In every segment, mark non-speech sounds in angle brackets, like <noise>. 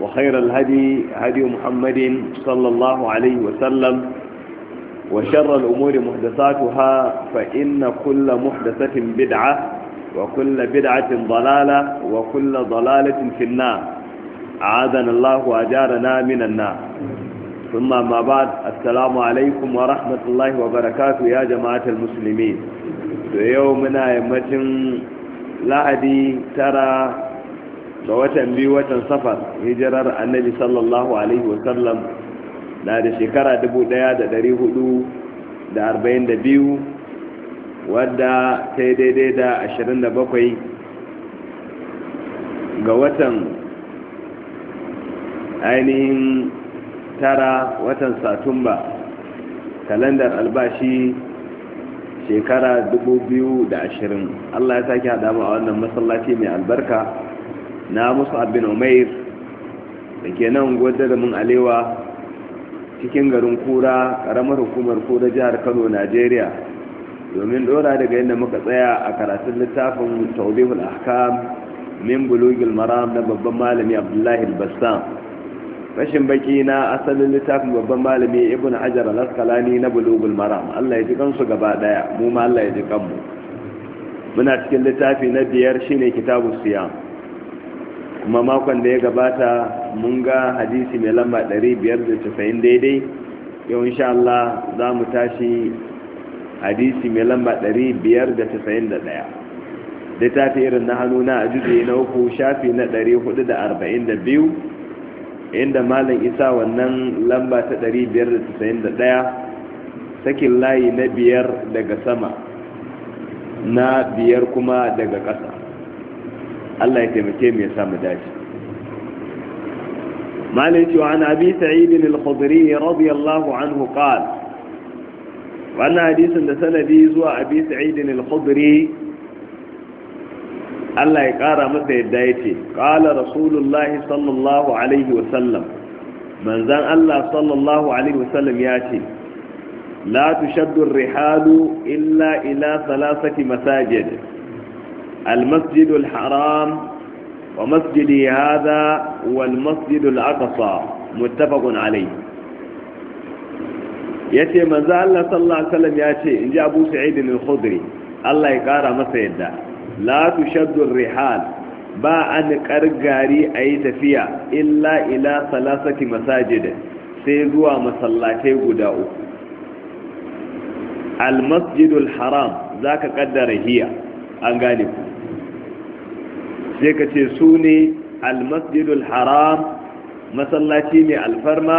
وخير الهدي هدي محمد صلى الله عليه وسلم وشر الأمور محدثاتها فإن كل محدثة بدعة وكل بدعة ضلالة وكل ضلالة في النار أعاذنا الله وأجارنا من النار ثم ما بعد السلام عليكم ورحمة الله وبركاته يا جماعة المسلمين يومنا يمتن لعدي ترى ga watan biyu watan safar hijirar annabi sallallahu alaihi wasallam na da shekara 1442 wadda ta yi daidai da 27 ga watan ainihin tara watan satumba kalandar albashi shekara 2020 allah ya sake haɗa mu a wannan masallaci mai albarka na musu abin umair da ke nan gwada da mun alewa cikin garin kura karamar hukumar kura jihar kano najeriya domin dora daga yadda muka tsaya a karatun littafin taubihul ahkam min bulugil maram na babban malami abdullahi albassam rashin baki na asalin littafin babban malami ibn hajar al na bulugul maram Allah ya ji kansu gaba daya mu ma Allah ya ji kanmu muna cikin littafi na biyar shine kitabu siyam kuma makon da ya gabata mun ga hadisi mai lamba 590 daidai yau insha Allah za mu tashi hadisi mai lamba 591 fi irin na hannuna a ajiye na uku shafi na 442 inda malam isa wannan lamba ta 591 sakin layi na biyar daga sama na biyar kuma daga ƙasa Allah ya taimake mu ya samu dace Malik ibn Anabi Sa'id ibn al-Khudri radiyallahu anhu qala hadisin da sanadi zuwa Abi Sa'id ibn al-Khudri Allah ya kara masa yadda yake qala Rasulullah sallallahu alaihi wa sallam manzan Allah sallallahu alaihi wa sallam ya ce la tushaddu ar-rihalu illa ila thalathati masajid المسجد الحرام ومسجدي هذا والمسجد الأقصى متفق عليه yace manzo Allah sallallahu alaihi wasallam yace in ji Abu Sa'id al-Khudri Allah ya kara masa yadda la tushaddu ar-rihal ba an kargari ayi tafiya illa ila salasati masajid sai zuwa masallatai guda uku al-masjid al-haram zaka kaddara hiya an gane ku sai ka ce su ne almasjidul haram masallaci mai alfarma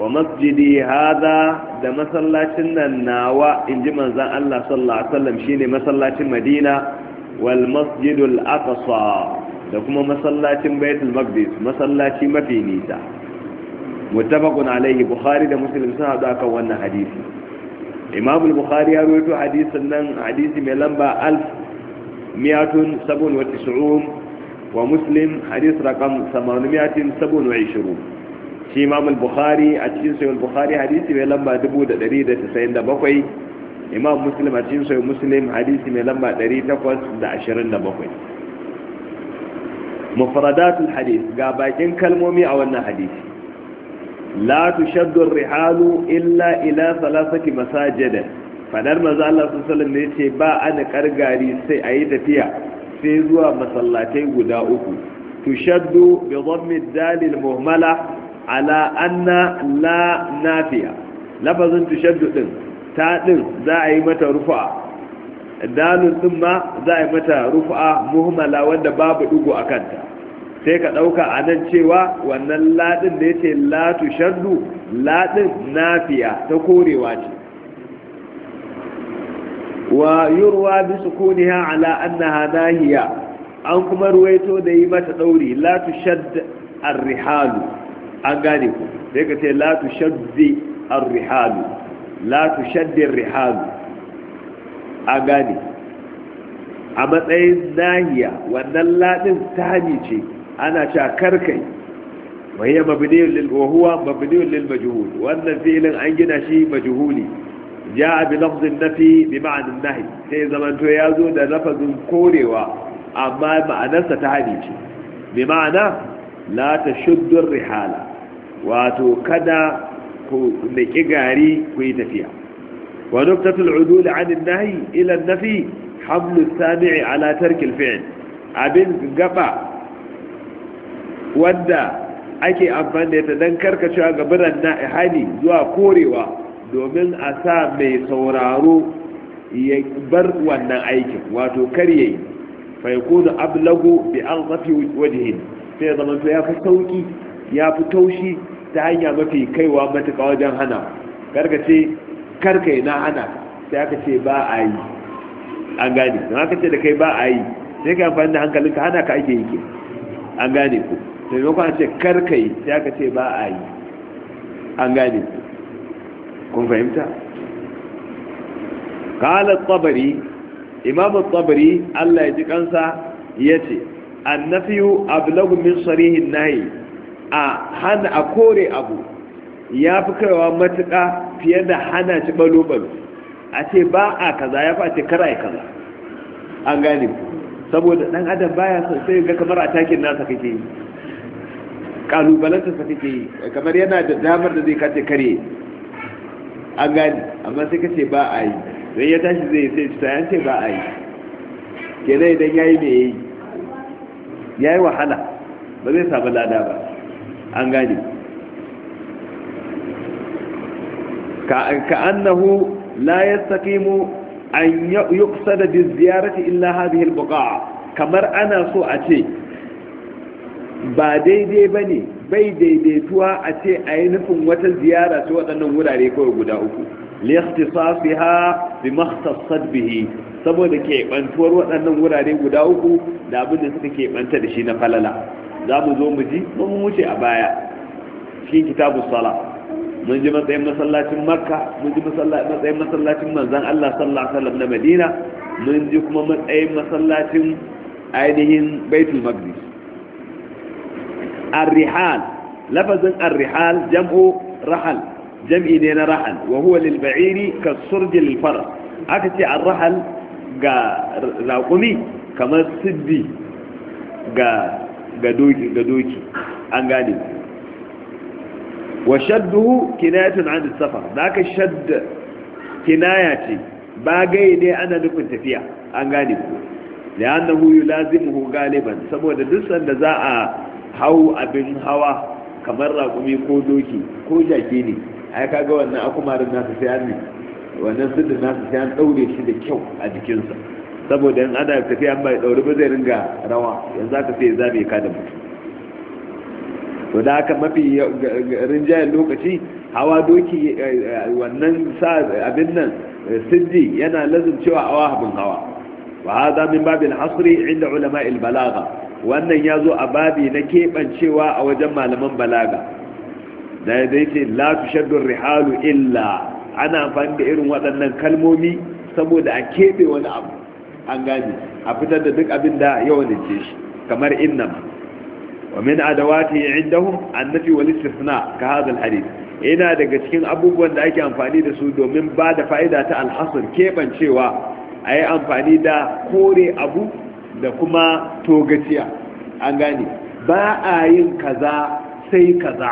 wa masjidi hada da masallacin nan nawa in ji manzan Allah sallallahu Alaihi wasallam shi ne masallacin madina wal masjidul aqsa da kuma masallacin baitul maqdis masallaci mafi nisa muttafaqun alaihi bukhari da muslim sun hada kan wannan hadisi imam bukhari ya rawaito hadisin nan hadisi mai lamba alf. مئة سبع وتسعون ومسلم حديث رقم ثمانمائة سبع وعشرون في إمام البخاري أتشين سيو البخاري حديث من لما دبود دريدة تسعين دبقوي إمام مسلم أتشين سيو مسلم حديث من لما دريدة تقوص دعشرين دبقوي مفردات الحديث قاباكين كلمومي أو أن حديث لا تشد الرحال إلا إلى ثلاثة مساجد fadar manzo Allah sallallahu alaihi wasallam ne ba ana kargari sai ayi tafiya sai zuwa masallatai guda uku tushaddu bi dhammi dalil muhmala ala anna la nafiya lafazin tushaddu din ta din za a yi mata rufa dalil din ma za a yi mata rufa muhmala wanda babu a kanta. sai ka dauka anan cewa wannan ladin da yace la tushaddu ladin nafiya ta korewa ce ويروى بسكونها على أنها ناهية أنكم رويتو ديمة دوري لا تشد الرحال أنقانيكم ذلك لا تشد الرحال لا تشد الرحال أنقاني أما تأين ناهية وأن اللاتن تهنيتي أنا شاكركي وهي مبني وهو مبني للمجهول وأن الفعل أنجنا شيء مجهولي ya bi lafzin nafi bi ma'anin nahi sai zamanto ya zo da lafazin korewa amma ma'anarsa ta hadi ce bi ma'ana la ta rihala wato kada ku niki gari ku yi tafiya wa nuktatul udul an nahi ila nafi hamlu sami'i ala tarkil fi'l abin gaba wanda ake amfani da ta dan karkacewa ga biran hani zuwa korewa domin a sa mai sauraro ya bar wannan aikin wato karye fa yakunu ablagu bi mafi wajhin sai zama to ya fi sauki ya fi taushi ta hanya mafi kaiwa matuka wajen hana karka ce karka na hana sai aka ce ba a yi an gane don haka ce da kai ba a yi sai ka amfani da hankalinka hana ka ake yake an gane ku sai maimakon a ce karka yi sai aka ce ba a yi an gane kun fahimta qala at-tabari imam tabari Allah ya ji kansa yace annafiyu ablagu min sarihin nahi a hana a kore abu ya fi kaiwa matuƙa fiye da hana shi balo-balo a ce ba a kaza ya fi a kaza an gane saboda ɗan adam baya sai ga kamar a takin nasa kake yi sa kake yi kamar yana da damar da zai kace kare an gani amma sai ka ce ba a yi don ya tashi zai sai cuta ya ce ba a yi nan idan ya yi mai yi ya yi wahala ba zai samu lada ba an gani ka annahu la yastaqimu an da bi ziyarati illa hadhihi al kamar ana so a ce ba daidai ba ne. bai daidaituwa a ce a yi nufin wata ziyara ta waɗannan wurare kawai guda uku liyakhtisasiha bi makhtasat bihi saboda keɓantuwar waɗannan wurare guda uku da abin da suka keɓanta da shi na falala za mu zo mu ji mu wuce a baya cikin kitabu sala mun ji matsayin masallacin makka mun ji matsayin masallacin manzan allah sallallahu alaihi wasallam na madina mun ji kuma matsayin masallacin ainihin baitul maqdis الرحال لفظ الرحال جمع رحل جمع نين رحل وهو للبعير كالسرج للفرس أكتي الرحل راقمي كما السدي قدوكي أنقاني وشده كناية عن السفر ذاك الشد كناية باقي دي أنا نكون تفيا أنقاني لأنه يلازمه غالبا سبوة دسا لذا hau abin hawa kamar raƙumi ko doki ko jaki ne ai kaga wannan akumarin nasu sai an ne wannan da nasu sai an ɗaure shi da kyau a jikinsa saboda in ana tafiya an bai ɗaure ba zai ringa rawa yanzu aka sai za mai kada mutu to da haka mafi rinjayen lokaci hawa doki eh, eh, wannan sa abin nan eh, sirri yana lazim cewa awa abin hawa wa hada min babil hasri inda ulama al balagha wannan ya zo a babi na keɓancewa a wajen malaman balaga da zai ce la rihalu illa ana amfani da irin waɗannan kalmomi saboda a keɓe wani abu an gani a fitar da duk abin da yawan ce shi kamar ma wa min adawati indahum annafi wal istithna ka hadha al hadith yana daga cikin abubuwan da ake amfani da su domin ba da fa'ida ta alhasar keɓancewa Ayi amfani da kore abu da kuma togaciya an gane ba a yin kaza sai kaza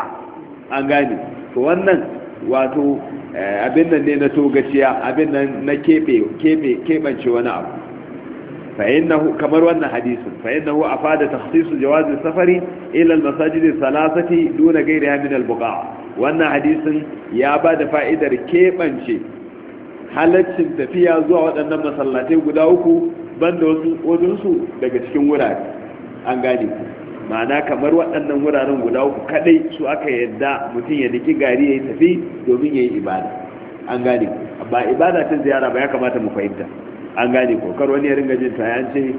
an gane to wannan wato eh, abin nan ne na togaciya abin nan na keɓance wani abu fa'innahu kamar wannan hadisin fa'innahu a fada takhsisu jawazin safari ilal masajidi salasati duna gairi min al wannan hadisin ya ba da fa'idar keɓance halaccin tafiya zuwa waɗannan masallatai guda uku banda wasu daga cikin wurare an gane ku ma'ana kamar waɗannan wuraren guda uku kaɗai su aka yadda mutum ya niki gari ya yi tafi domin ya yi ibada an gane ku ba ibada ta ziyara ba ya kamata mu fahimta an gane ku kar wani ya ringa jin ta yanzu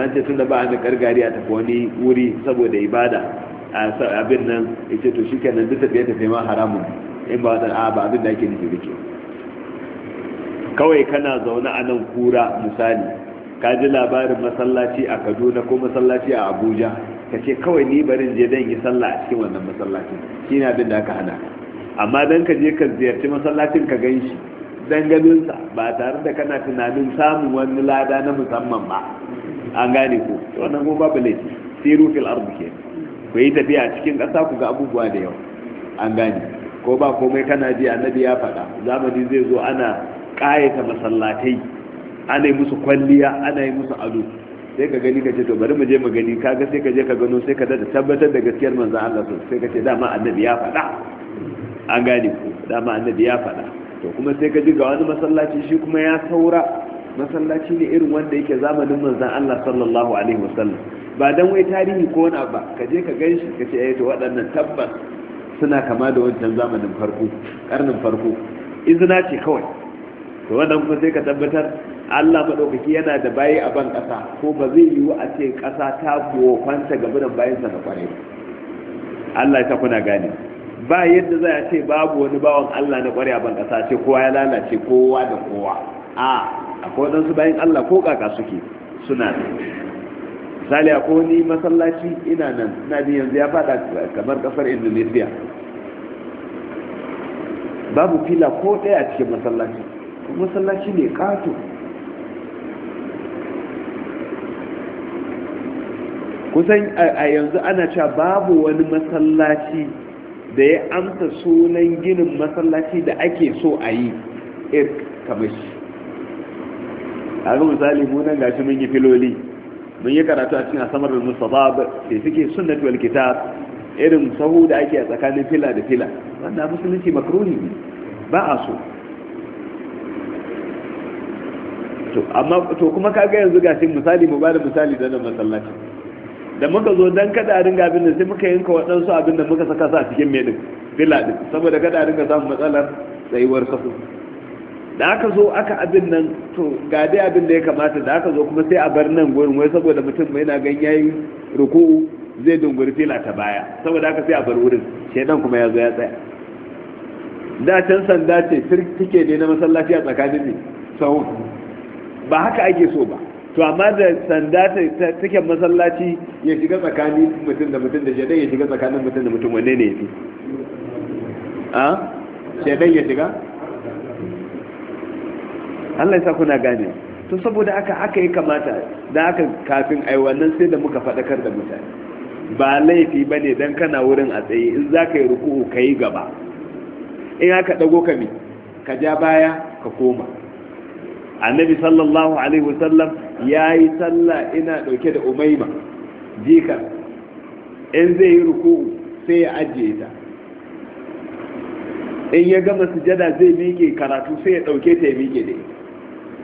an ce tun da ba a niƙar gari a tafi wani wuri saboda ibada a abin nan ya ce to shi kenan duk tafiye tafiye ma haramun in ba waɗanda ba abin da ake nufi da ke kawai kana zaune a nan kura misali ka ji labarin masallaci a kaduna ko masallaci a abuja ka ce kawai ni barin je dan yi sallah a cikin wannan masallacin shi ne abin da aka hana amma dan ka je ka ziyarci masallacin ka gan shi dan ganinsa ba tare da kana tunanin samun wani lada na musamman ba an gane ko wannan kuma babu laifi siru fil ardi ke ku yi tafiya a cikin ƙasa ku ga abubuwa da yau. an gane ko ba komai kana ji annabi ya faɗa zamani zai zo ana ƙayata masallatai ana yi musu kwalliya ana yi musu ado sai ka gani ka ce to bari mu je mu gani kaga sai ka je ka gano sai ka da tabbatar da gaskiyar manzo Allah to sai ka ce dama annabi ya faɗa an gane ku dama annabi ya faɗa to kuma sai ka ji ga wani masallaci shi kuma ya saura masallaci ne irin wanda yake zamanin manzo Allah sallallahu alaihi wasallam ba dan wai tarihi ko wani ba ka je ka ganshi ka ce eh to waɗannan tabbas suna kama da wancan zamanin farko karnin farko izina ce kawai to wannan kuma sai ka tabbatar Allah maɗaukaki yana da bayi a ban kasa ko ba zai yiwu a ce kasa ta gofanta ga bidan bayansa na kwarai Allah ya ta kuna gane ba yadda za a ce babu wani bawan Allah na kwarai a ban kasa ce kowa ya lalace kowa da kowa a akwai wadansu bayan Allah ko kaka suke suna misali ko wani masallaci ina nan ina jin yanzu ya fada kamar kasar indonesia babu fila ko daya a cikin masallaci masallaci ne kato kusan a yanzu ana cewa babu wani masallaci da ya amsa sunan ginin masallaci da ake so a yi irk kamar shi a ga misali munan gashi mun yi filoli mun yi karatu a cikin asamar babu, da suke sunnatu wal kitab irin sahu da ake a tsakanin fila da fila wanda musulunci makaroni ba a so to amma to kuma kaga yanzu gashi misali mu bada misali da nan masallaci da muka zo dan kada a ringa abin da sai muka yanka waɗansu abin da muka saka su a cikin mai din fila din saboda kada a ringa samu matsalar tsayuwar kasu. da aka zo aka abin nan to ga dai abin da ya kamata da aka zo kuma sai a bar nan gurin wai saboda mutum mai na gan yayi ruku'u zai dunguri fila ta baya saboda aka sai a bar wurin shedan kuma ya zo ya tsaya da can sanda ce take ne na masallaci a tsakanin ne sau ba haka ake so ba to amma da sanda ta take masallaci ya shiga tsakanin mutum da mutum da shedan ya shiga tsakanin mutum da mutum wanne ne yafi a shedan ya shiga Allah ya sa kuna gane to saboda aka aka yi kamata da aka kafin ai wannan sai da muka faɗakar da mutane ba laifi bane dan kana wurin a tsaye in ka yi ruku'u kai gaba in aka dago ka mi ka ja baya ka koma annabi sallallahu alaihi wasallam ya yi sallah ina ɗauke da umaima Jika in zai yi ruk'u sai ya ajiye ta in ya gama sujada zai miƙe karatu sai ya ɗauke ta ya miƙe da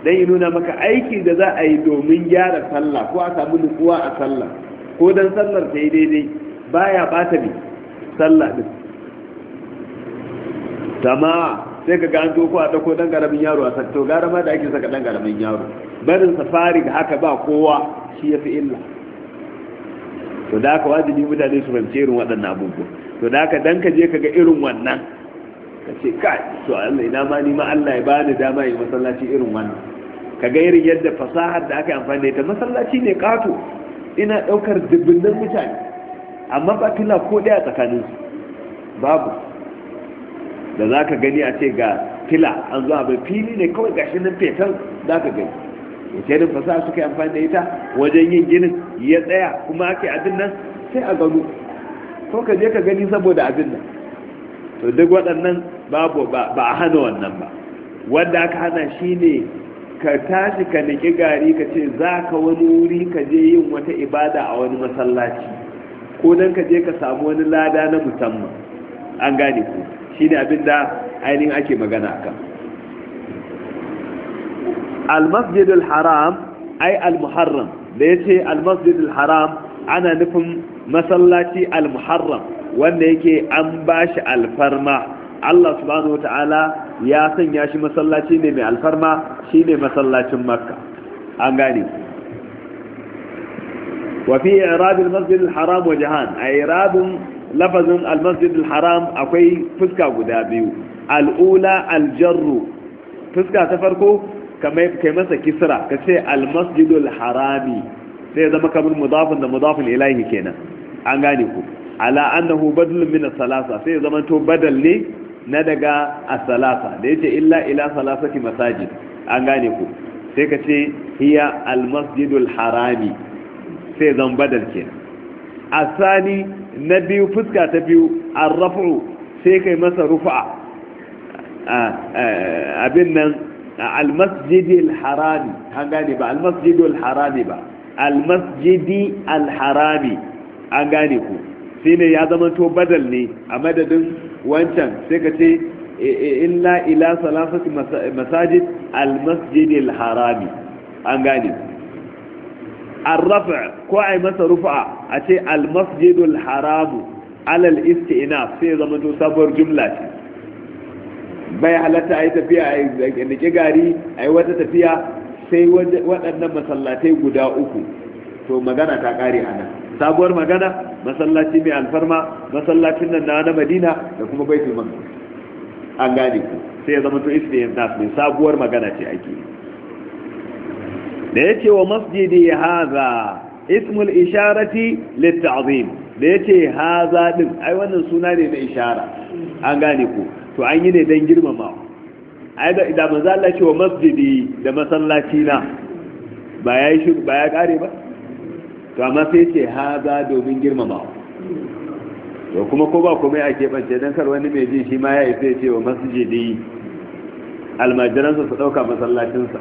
dan yi nuna maka aiki da za a yi domin gyara sallah ko a samu nutsuwa a sallah ko dan sallar ta yi daidai baya bata ne sallah din sai ka ga an a dako dan garamin yaro a sakto gara ma da ake saka dan garamin yaro barin safari da haka ba kowa shi ya fi illa to da haka wajibi mutane su fahimci irin waɗannan abubuwa to da haka dan ka je ka ga irin wannan ka ce kai to Allah ina ma ni ma Allah ya bani dama yi masallaci irin wannan ka ga irin yadda fasahar da aka yi amfani da ita masallaci ne kato ina ɗaukar dubbinan mutane amma ba kila ko tsakanin tsakaninsu babu da za ka gani a ce ga fila an zuwa mai fili ne kawai gashi nan fetan za ka gani wakirin fasaha suka yi amfani da ita wajen yin ginin ya tsaya kuma ake abin nan sai a gano ko ka je ka gani saboda abin nan to duk waɗannan babu ba a hana wannan ba wanda aka hana shi ne ka tashi ka niki gari ka ce za ka wani wuri ka je yin wata ibada a wani masallaci ko dan ka je ka samu wani lada na musamman an gane ku shine abin da ainihin ake magana akan al haram ai al da yace al-masjid haram ana nufin masallaci al-muharram wanda yake an ba shi alfarma Allah subhanahu ta'ala ya sanya shi masallaci ne mai alfarma shine masallacin makka an gani wafi fi i'rab haram wa a yi rabin. lafazin almasjid haram akwai fuska guda biyu al'ula aljarru fuska ta farko kai masa kisra ka ce almasjidul harami sai ya zama kamar mudafin da mudafin ilahi kenan an gane ku ala annahu badal min salasa sai ya zama to badal ne na daga as-salasa da yace illa ila salasati masajid an gane ku sai ka ce hiya almasjidul harami sai zan badal kenan asani na biyu fuska ta biyu arrafu sai kai masa rufa abin nan almasjidi alharami an gane ba almasjidi alharami ba almasjidi alharami an gane ku sai ne ya zama to badal ne a madadin wancan sai ka ce e, e, illa ila salafati masajid almasjidi alharami an gane ku arrafa ko a yi masa rufa a ce almasjidul haramu alal ina sai zama to sabuwar jumla ce bai halatta a yi tafiya a nike gari a yi wata tafiya sai waɗannan masallatai guda uku to magana ta ƙare a nan sabuwar magana masallaci mai alfarma masallacin nan na madina da kuma baitul maqdis an gane ku sai ya zama to isti'naf ne sabuwar magana ce ake yi da ce wa masjidi haza ismul isharati litta'zim da yace haza din ai wannan suna ne na ishara an gane ku to an yi ne dan girmama ai da idan manzo Allah ce wa masjidi da masallaci na ba ya shi ba ya kare ba to amma sai ce haza domin girmama to kuma ko ba komai a keɓance don kar wani mai jin shi ma ya isa ce wa masjidi almajiransa su ɗauka masallacinsa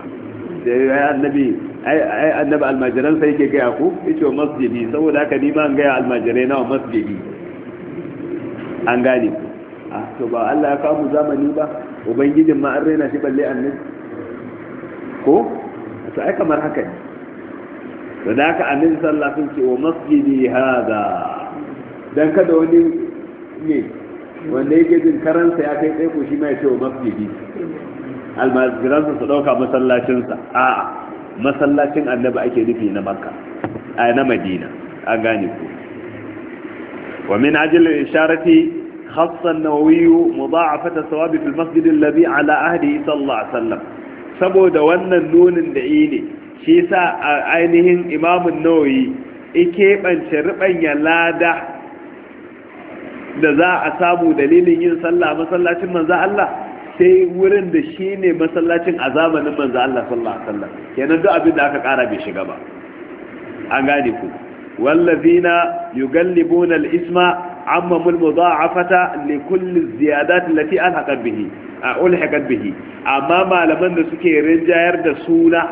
da ya annabi ai annabi almajiran sai yake gaya ku yace masjidi saboda haka ni ma an gaya almajirai nawa masjidi an gane a ah, to ba Allah ya kawo zamani ba ubangijin ma an raina shi balle annabi ko to ai kamar haka ne to da haka annabi sallallahu alaihi wasallam ce wa masjidi hada dan kada wani ne wanda yake jin karansa ya kai tsaye ko shi ma ya ce wa masjidi almajiransa su ɗauka masallacinsa a masallacin annabi ake nufi na makka a na madina a gane ku wa min ajiyar isharati hassan nawawiyu mu ba a fata sawabi fil masjidin labi ala ahdi sallallahu alaihi wasallam saboda wannan nunin da yi ne shi sa ainihin imamun nawawi bance ya lada da za a samu dalilin yin sallah masallacin manzo Allah sai wurin da shi ne masallacin a zamanin manzo Allah sallallahu alaihi wasallam kenan duk abin da aka kara bai shiga ba an gane ku wallazina yugallibuna al-isma Amma, عمموا المضاعفة لكل الزيادات التي ألحقت به A به أما Amma malaman da suke rinjayar da suna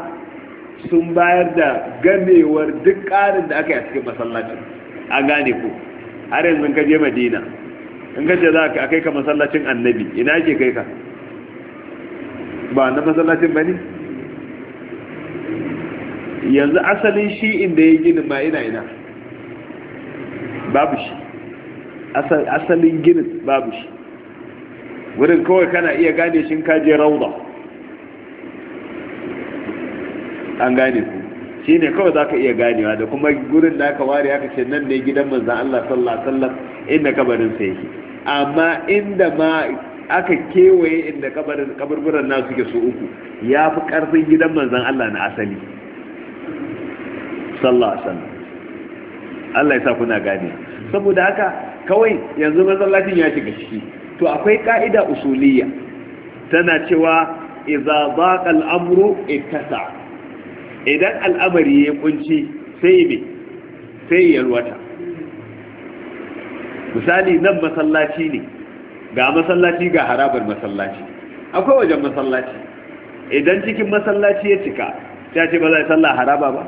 sun bayar da ganewar duk ƙarin da aka yi a cikin masallacin an gane ku har yanzu ka je madina in ka ce za ka kai ka masallacin annabi ina ke kai ka ba na masallacin ba ne yanzu asalin shi inda ya ginin ma ina ina babu shi asalin ginin babu shi wurin kawai kana iya gane shi kaje rauda an gane ku shi ne kawai za ka iya ganewa da kuma gurin da aka ware aka ce nan ne gidan manzan Allah sallallahu Alaihi inda kabarin sai yake amma inda ma aka kewaye inda kaburburan nasu suke su uku ya fi ƙarfin gidan manzan Allah na asali sallah sallah Allah ya sa kuna gane saboda haka kawai yanzu latin ya shiga ciki to akwai ka'ida usuliya tana cewa idza baqa al-amru ittasa idan al'amari ya kunci sai me sai yalwata misali nan masallaci ne ga masallaci ga harabar masallaci akwai wajen masallaci idan cikin masallaci ya cika ta ce ba za a yi sallah haraba ba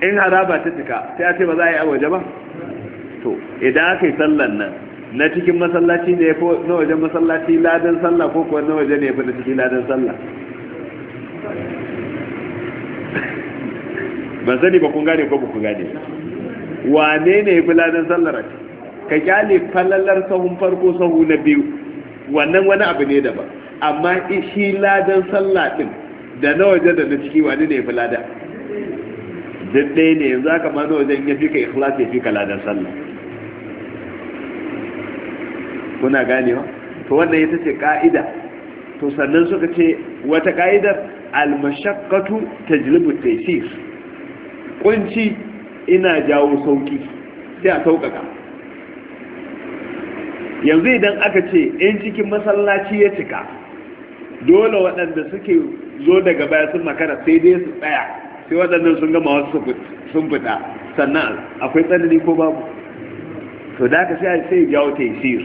in haraba ta cika ta ce ba za a yi a waje ba to idan aka yi sallan nan na cikin masallaci ne ya fi na wajen masallaci ladan sallah ko kuwa na waje ne ya fi na cikin ladan sallah ban sani ba kun gane ko ba kun gane wane ne ya fi ladan sallah a ciki ka kyale falalar sahun farko sahu na biyu wannan wani abu ne daban amma shi ladan sallah din da na waje da na ciki wani ne fi lada duk ɗaya ne yanzu aka ma na wajen ya fi ka ikhlas ya fi ka ladan sallah kuna ganewa to wannan ita ce ka'ida to sannan suka ce wata ka'idar almashaqqatu tajlibu taysir kunci ina jawo sauki sai a saukaka yanzu idan aka ce 'yan cikin masallaci ya cika dole waɗanda suke zo daga baya sun makara sai dai su tsaya sai waɗannan sun gama wasu sun fita sannan akwai tsanani ko babu to da aka sai sai jawo taisir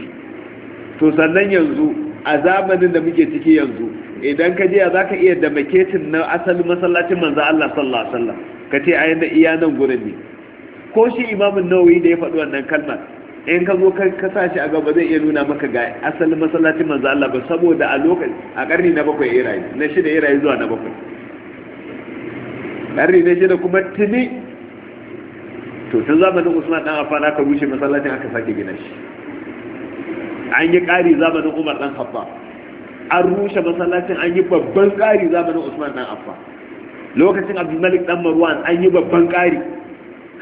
to sannan yanzu a zamanin da muke ciki yanzu idan ka jiya za ka iya da maketin na asalin masallacin manzan Allah sallallahu alaihi wasallam ka ce a yanda iya nan gurin ne ko shi imamin nawawi da ya faɗi wannan kalmar in ka zo ka sa shi a gaba zai iya nuna maka ga asalin masallacin manzo Allah ba saboda a lokaci a karni na bakwai irayi na shida irayi zuwa na bakwai karni na shida kuma tuni to tun zamanin Usman dan Affan aka rushe masallacin aka sake gina shi an yi ƙari zamanin Umar dan Affan an rushe masallacin an yi babban ƙari zamanin Usman dan Affan lokacin Abdul Malik dan Marwan an yi babban ƙari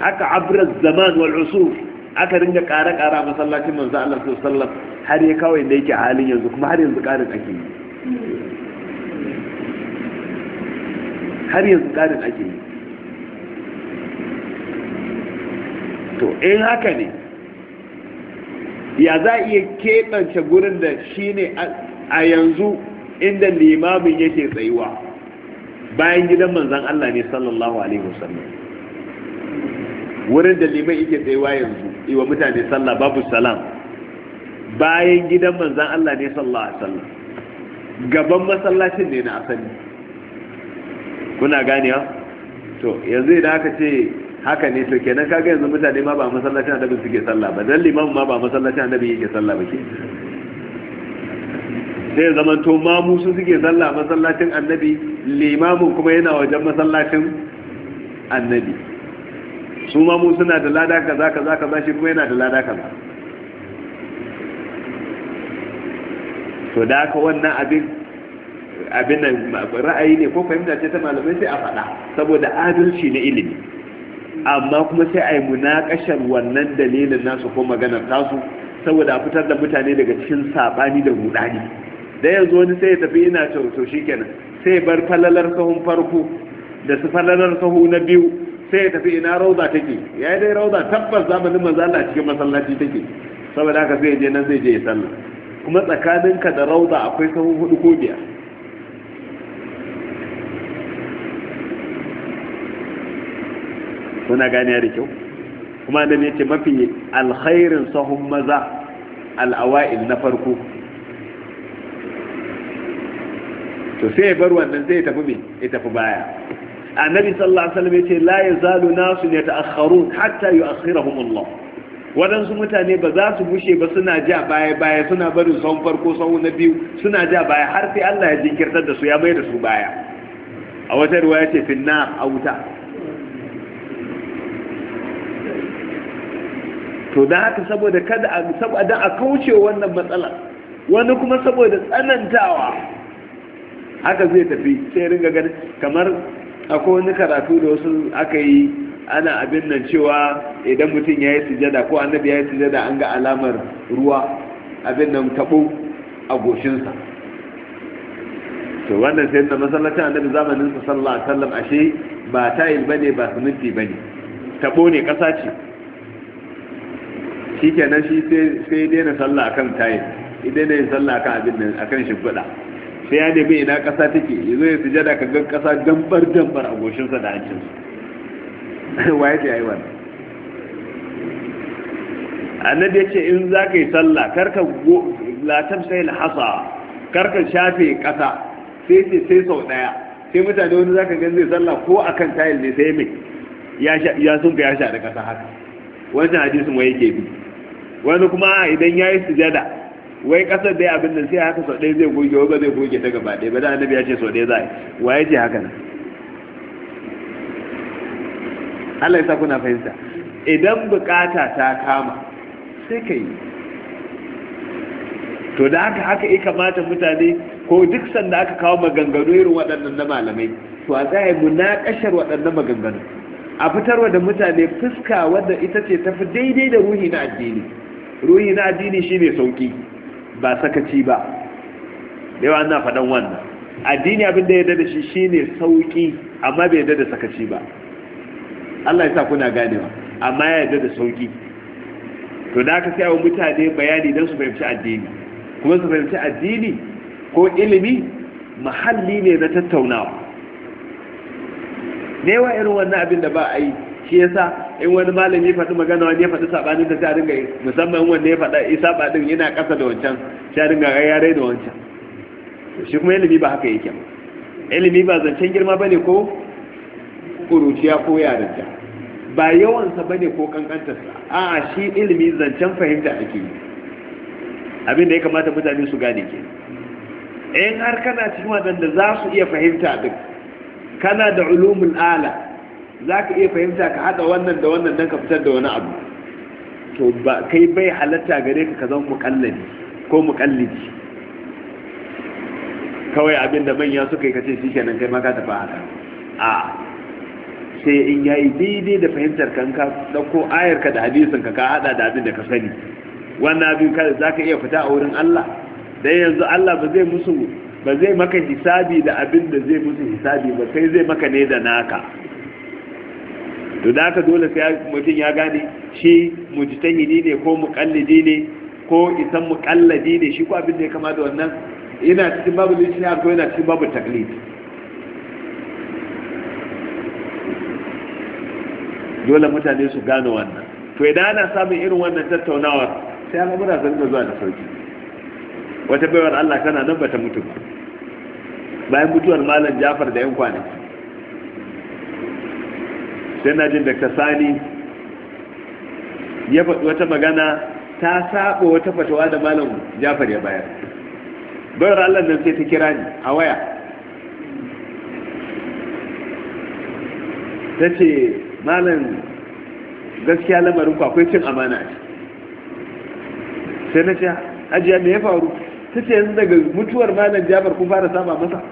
haka abrar zaman wal usur aka ringa ƙara-ƙara masallacin manzo Allah sallallahu har ya kawai da yake a halin yanzu kuma har yanzu ƙarin ake yi har yanzu ƙarin ake yi to in haka ne ya za a iya keɓance gurin da shi ne a yanzu inda limamin yake tsayuwa bayan gidan manzan Allah ne sallallahu alaihi wasallam wurin da liman yake tsayuwa yanzu yi wa mutane sallah babu salam bayan gidan manzan Allah ne sallah a sallah gaban masallacin ne na asali kuna gani to yanzu idan aka ce haka ne to kenan kaga yanzu mutane ma ba masallacin annabi suke sallah ba dan limamin ma ba masallacin annabi yake sallah ba ke sai zaman to ma musu suke sallah masallacin annabi limamu kuma yana wajen masallacin annabi su ma mu suna da lada kaza kaza kaza shi kuma yana da lada kaza to da ka wannan abin abin nan ra'ayi ne ko fahimta ce ta malamai sai a faɗa saboda adalci na ilimi amma kuma sai a yi munakashar wannan dalilin nasu ko maganar tasu saboda a fitar da mutane daga cikin saɓani da rudani da yanzu wani sai ya tafi ina to shi kenan sai bar falalar sahun farko da su falalar sahu na biyu sai ya tafi ina rauza take ya yi dai rauza tabbas zamanin manzo Allah cikin masallaci take saboda haka sai ya je nan zai je ya sallah kuma tsakaninka da rauza akwai sahu hudu ko biyar Suna ganiya da kyau kuma nan ce mafi alkhairin sahun maza al'awa'il na farko to sai ya bar wannan zai tafi me ya tafi baya annabi sallallahu alaihi wasallam yace la yazalu nasu yata'akhkharun hatta yu'akhirahum Allah wadansu mutane ba za su bushe ba suna ja baya baya suna barin son farko son na biyu suna ja baya har sai Allah ya jinkirtar da su ya mai da su baya a wata riwaya yace, finna a wuta to da haka saboda kada a saboda a kauce wannan matsalar wani kuma saboda tsanantawa haka zai tafi sai ringa ganin kamar akwai wani karatu da wasu aka yi ana abin nan cewa idan mutum ya yi sujada ko annabi ya yi sujada an ga alamar ruwa abin nan tabo a goshinsa to wannan sai na masallacin annabi zamanin sa sallallahu alaihi wasallam ashe ba tayil bane ba suminti bane tabo ne kasa ce kenan shi sai sai daina sallah akan tayil idan ne sallah akan abin nan akan shimfiɗa sai ya nemi ina ƙasa take ya zo ya sujada ka ga ƙasa dambar dambar a goshinsa da hancinsa <laughs> waye ta yi wannan annabi ya ce in za ka yi sallah karka latar sai hasa karka shafe ƙasa sai ce sai sau ɗaya sai mutane wani za ka gan zai sallah ko a kan tayil ne sai mai ya sun ka ya sha da ƙasa haka wancan hadisin wa yake bi wani kuma idan ya yi sujada wai kasar da ya abin da sai haka sau ɗaya zai goge wa ba zai goge ta gaba ɗaya ba da annabi ya ce sau ɗaya za a yi wa ya ce haka nan Allah ya sa kuna fahimta idan bukata ta kama sai ka yi to da haka haka ya kamata mutane ko duk sanda aka kawo maganganu irin waɗannan na malamai to a za a yi munakashar waɗannan maganganu a fitarwa da mutane fuska wadda ita ce tafi daidai da ruhi na addini ruhi na addini shine sauki ba sakaci ba yawa ana faɗan wannan addini abin da ya yarda da shi ne sauki amma bai dada sakaci ba Allah ya sa kuna ganewa amma ya yarda da sauki to da aka sai mutane bayani don su fahimci addini kuma su fahimci addini ko ilimi mahalli ne na tattaunawa ne wa irin wannan abin da ba a yi shi yasa in wani malami faɗi magana wani ya faɗi sabanin da sai dinga yi musamman wanda ya faɗa isa ba din yana ƙasa da wancan sai dinga ya rai da wancan shi kuma ilimi ba haka yake ilimi ba zancen girma ba ne ko ƙuruciya ko yarinta ba yawansa ba ne ko kankantarsa a'a shi ilimi zancen fahimta ake yi abin da ya kamata mutane su gane ke in har kana cikin waɗanda za su iya fahimta duk kana da ulumul ala za ka iya fahimta ka haɗa wannan da wannan don ka fitar da wani abu to ba kai bai halatta gare ka ka zan mukallidi ko mukallidi kawai abin da manya suka yi kace shi kenan kai ma ka tafi haka a sai in yayi daidai da fahimtar kan ka dauko ayar ka da hadisin ka ka hada da abin da ka sani wannan abin ka ka iya fita a wurin Allah dan yanzu Allah ba zai musu ba zai maka hisabi da abin da zai musu hisabi ba sai zai maka ne da naka to da haka dole sai mutum ya gane shi mujtahidi ne ko muqallidi ne ko isan muqallidi ne shi ko abin da ya kama da wannan yana cikin babu ijtihad ko yana cikin babu taqlid dole mutane su gane wannan to idan ana samun irin wannan tattaunawa sai al'amura sun ga zuwa da sauki wata baiwar Allah kana nan bata mutu ba bayan mutuwar malam Jafar da yan kwanaki sai na jin dr sani ya faɗi wata magana ta saba wata fatawa da malam jafar ya bayar bayar allah nan sai ta kira ni a waya ta ce malam gaskiya lamarin ku akwai cin amana sai na ce ajiya mai ya faru ta ce yanzu daga mutuwar malam jafar kun fara saba masa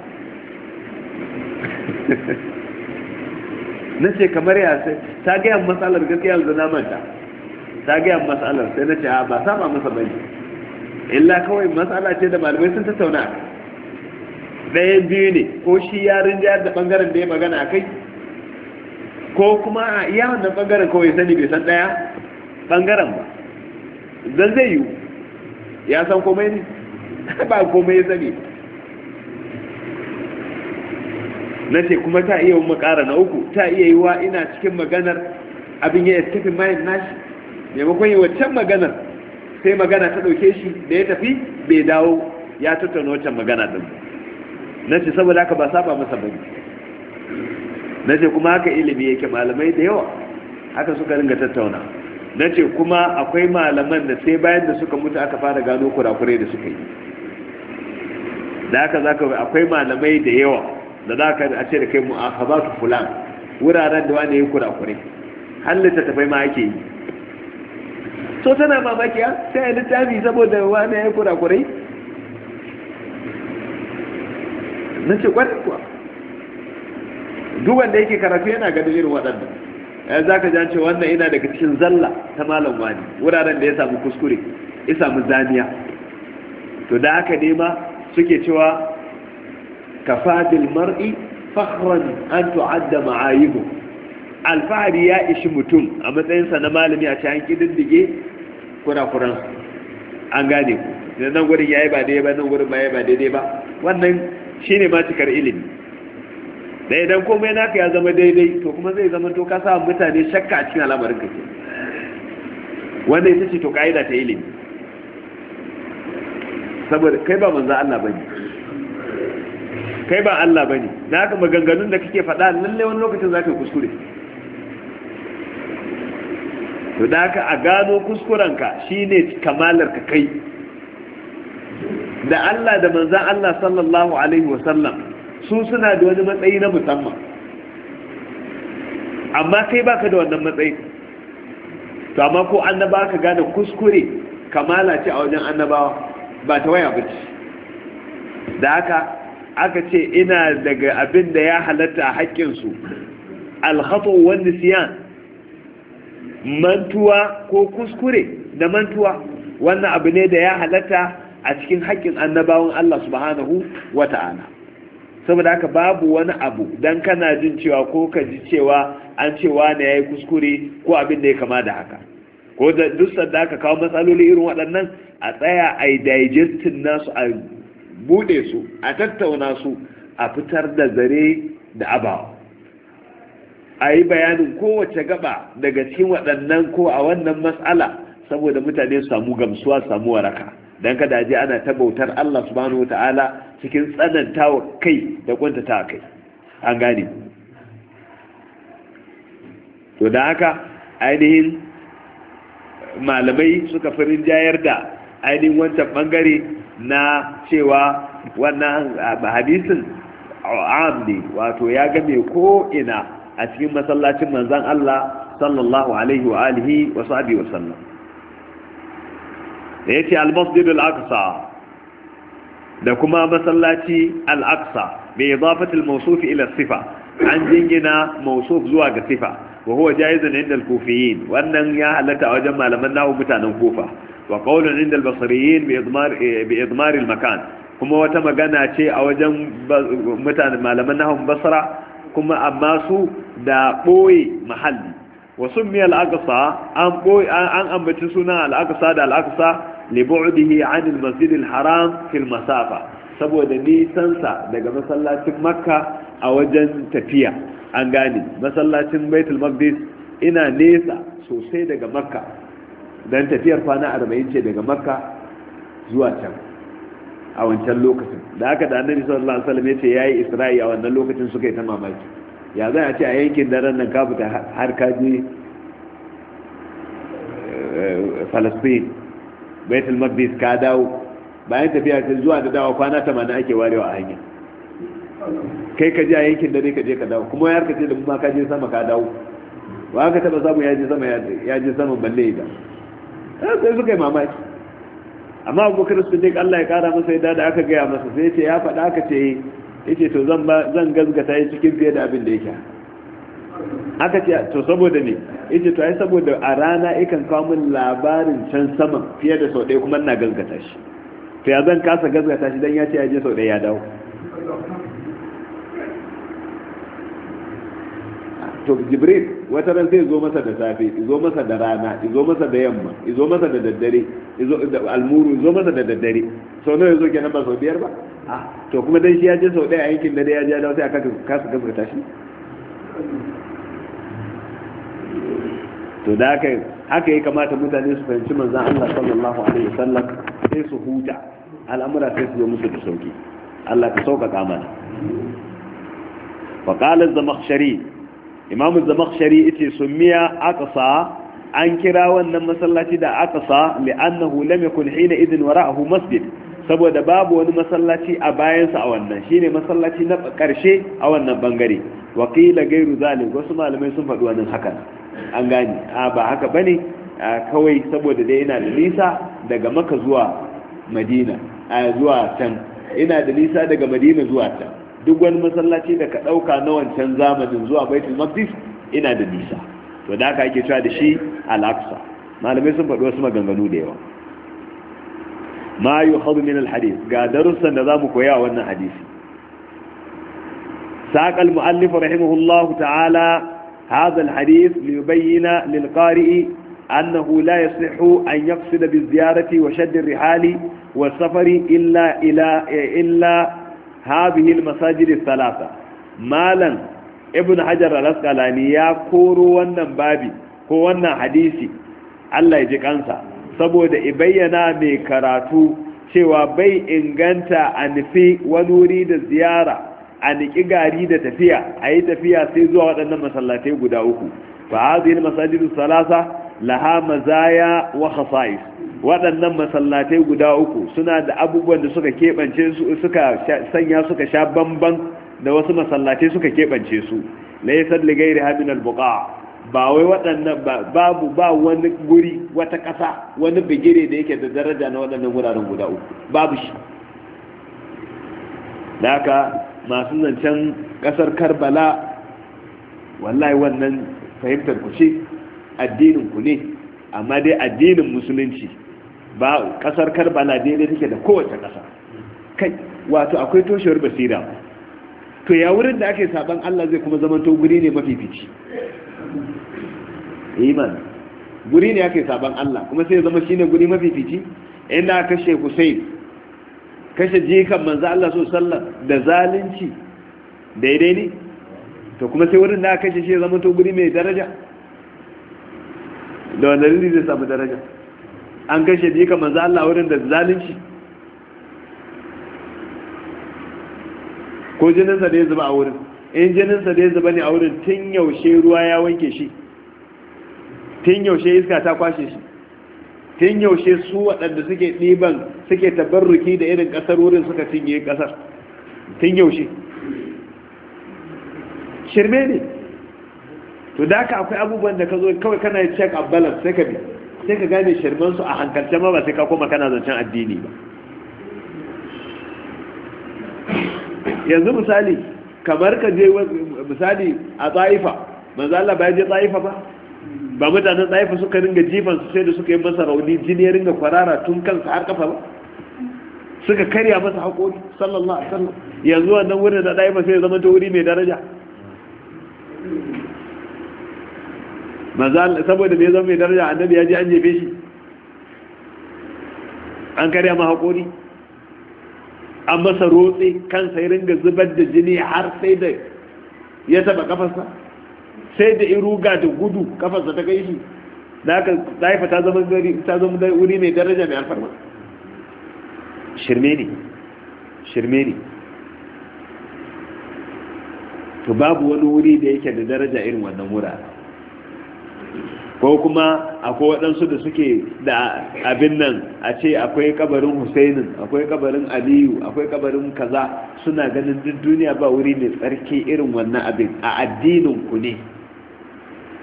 <laughs> na ce kamar ya sai ta gaya matsalar gaskiya yanzu na manta ta gaya matsalar sai na ce a ba saba masa bane illa kawai matsala ce da malamai sun tattauna ɗayan biyu ne ko shi ya rinjayar da ɓangaren da ya magana a kai ko kuma a iya wannan ɓangaren kawai sani bai san ɗaya ɓangaren ba zan zai yiwu ya san komai ne <laughs> ba komai ya sani na ce kuma ta iya yin makara na uku ta iya yi wa ina cikin maganar abin ya tafi mayan nashi maimakon yi waccan maganar sai magana ta ɗauke shi da ya tafi bai dawo ya tattauna waccan magana din na ce saboda haka ba saba masa bane na ce kuma haka ilimi yake malamai da yawa haka suka ringa tattauna na ce kuma akwai malaman da sai bayan da suka mutu aka fara gano kurakurai da suka yi da haka za akwai malamai da yawa da za ka a ce da kai su fulan wuraren da wani yi kurakure halitta fai ma ake yi so tana mamaki ya ah, yi littafi saboda wani yi kurakure na ce kwanin kuwa duk wanda yake karatu yana ganin irin waɗanda ya eh, za ka jance wannan ina daga cikin zalla ta malam wani wuraren da ya samu kuskure ya samu zaniya to da haka nema suke cewa كفاد المرء mar'i fakhran an معايبه ma'ayibu alfahari ya ishi mutum a matsayinsa na malami a cikin kididdige kurakuran an gane ku da nan gurin yayi ba daidai ba nan ba yayi ba ba wannan shine ma ilimi da idan komai naka ya zama daidai to kuma zai zama to ka sa mutane shakka a cikin al'amarin kake wanda ita ce to ka'ida ta ilimi saboda kai ba manzo Allah bane kai ba Allah ne na haka maganganun da kake faɗa lalle wani lokacin zaka kuskure to da haka a gano kuskurenka shine kamalar ka kai da Allah da manzan Allah sallallahu alaihi wasallam su suna da wani matsayi na musamman amma kai baka da wannan matsayi to amma ko annaba ka gane kuskure kamala ce a wajen annabawa ba ta waya ba ce da haka aka ce ina daga abin da ya halatta a haƙƙinsu alhafo wanda siyan mantuwa ko kuskure da mantuwa wannan abu ne da ya halatta a cikin haƙƙin annabawan Allah subhanahu wa ta'ala saboda haka babu wani abu don kana jin cewa ko ka ji cewa an cewa ne ya yi kuskure ko abin da ya kama da haka ko da duk sanda aka kawo matsaloli irin waɗannan a tsaya a yi digestin nasu a bude su a tattauna su a fitar da zare da abawa a yi bayanin kowace gaba daga cikin waɗannan ko a wannan matsala saboda mutane su samu gamsuwa samu waraka don kada je ana ta bautar Allah subhanahu wa ta'ala cikin tsanantawa kai da ta kai an gane to da haka ainihin malamai suka fi rinjayar da ainihin wancan bangare na cewa wannan ah, hadisin ah, am ne wato ya game ko ina a cikin masallacin manzan Allah sallallahu alaihi wa alihi wa wa sallam da yace al-masjid al-aqsa da kuma masallaci al-aqsa bi idafati al-mawsuf ila sifa an jingina mawsuf zuwa ga sifa wa huwa jaizun inda al-kufiyin wannan ya halatta wajen malaman nawo mutanen kufa wa qawlun inda al-basriyin bi idmar eh, makan kuma wata magana ce a wajen mutanen basra kuma amma su da boye mahalli wasu summi al an ambaci sunan al da al-aqsa li bu'dihi an al haram fi al-masafa saboda nisansa daga masallacin makka a wajen tafiya an gani masallacin baitul maqdis ina nesa sosai daga makka don tafiyar kwana arba'in ce daga makka zuwa can a wancan lokacin da aka da annabi sallallahu alaihi wasallam yace yayi isra'i a wannan lokacin suka yi ta mamaki ya za a ce a yankin daren nan ka fita har ka je eh, falastin baitul maqdis ka dawo bayan tafiya ta zuwa da dawa kwana ta mana ake warewa a hanya kai ka je a yankin dare ka je ka dawo kuma yar ka je da mu ma ka je sama ka dawo ba ka taba samu ya je sama ya je sama balle da sai suka yi mamaki amma abubakar siddiq Allah ya kara masa yadda da aka gaya masa sai ce ya faɗa aka ce yace to zan zan gazgata yi cikin fiye da abin da yake aka ce to saboda ne yace to ai saboda a rana ikan kawo min labarin can saman fiye da sau ɗaya kuma ina gazgata shi to ya zan kasa gazgata shi dan ya ce ya je sau ɗaya ya dawo to jibril wata ran zai zo masa da safe zo masa da rana zo masa da yamma zo masa da daddare zo almuru zo masa da daddare sau nawa ke kenan ba so biyar ba ah, to kuma dan shi ya je sau dai a yankin dare ya je da sai aka kasa kasa tashi to da haka haka ya kamata mutane su fahimci manzon Allah sallallahu alaihi wasallam sai su huta al'amura sai su zo musu da sauki Allah ka sauƙaƙa mana وقال الزمخشري imamu zamakshari ita sumiya aqsa an kira wannan masallaci da aqsa li'annahu lam yakun hina idin wara'ahu masjid saboda babu wani masallaci a bayan sa a wannan shine masallaci na karshe a wannan bangare wakila gairu zalim wasu malamai sun faɗi wannan hakan an gane a ba haka bane kawai saboda dai ina da nisa daga maka zuwa madina a zuwa can ina da nisa daga madina zuwa can duk wani masallaci da ka ɗauka na wancan zamanin zuwa baitul maqdis ina da nisa to da haka cewa da shi al-aqsa malamai sun faɗi wasu maganganu da yawa ma yuhadu min al-hadith ga darussan da zamu koya wannan hadisi ساق المؤلف رحمه الله تعالى هذا الحديث ليبين للقارئ أنه لا يصح أن يقصد بالزيارة وشد الرحال والسفر إلا, إلى إلا هذه المساجد الثلاثه ath ابن حجر ibn hajar al ya koro wannan babi ko wannan hadisi Allah ya ji kansa saboda bayyana mai karatu cewa bai inganta a nufi wani wuri da ziyara a niki gari da tafiya a yi tafiya sai zuwa waɗannan masallatai guda uku fa hadhihi al-masajid ath-thalatha laha mazaya wa khasa'is waɗannan masallatai guda uku suna da abubuwan da suka keɓance su suka sanya suka sha bamban da wasu masallatai suka keɓance su laisar ligairi hamin albuka ba wai waɗannan babu ba wani guri wata ƙasa wani bigire da yake da daraja na waɗannan wuraren guda uku babu shi da haka masu zancen ƙasar karbala wallahi wannan fahimtar ku ce addinin ku ne amma dai addinin musulunci ba kasar karbala daidai take da kowace kasa kai wato akwai toshewar basira to ya wurin da ake saban Allah zai kuma zama to guri ne mafi fici iman guri ne ake saban Allah kuma sai zama shine guri mafi fici inda kashe Hussein kashe jikan manzo Allah so sallar da zalunci daidai ne to kuma sai wurin da kashe shi zama to guri mai daraja da wanda zai samu daraja an kashe bi kamar za Allah wurin da zalunci ko jininsa da ya zuba a wurin in jininsa da ya zuba ne a wurin tun yaushe ruwa ya wanke shi tun yaushe iska ta kwashe shi tun yaushe su waɗanda suke ɗiban suke tabarruki da irin ƙasar wurin suka cinye ƙasar tun yaushe shirme ne to da ka akwai abubuwan da ka zo kawai kana yi check and balance sai ka bi sai ka gane shirman su a hankalce ma ba sai ka koma kana zancen addini ba yanzu misali kamar ka je misali a tsaifa manzo Allah ya je tsaifa ba ba mutanen tsaifa suka ringa jifan su sai da suka yi masa rauni jini ya ringa kwarara tun kansa har kafa ba suka karya masa haƙori sallallahu alaihi wasallam yanzu wannan wurin da tsaifa sai ya zama wuri mai daraja saboda me zama mai daraja annabi ya je an jefe shi an karya ma haƙori an masa rotse kansa ya ringa zubar da jini har sai da ya taba kafarsa sai da ga da gudu kafarsa ta kai shi da aka daifa ta zama gari ta zama wuri mai daraja mai alfarma shirme ne shirme ne to babu wani wuri da yake da daraja irin wannan wurare ko kuma akwai waɗansu da suke da abin nan a ce akwai kabarin husainin akwai kabarin aliyu akwai kabarin kaza suna ganin duk duniya ba wuri mai tsarki irin wannan abin a addinin ku ne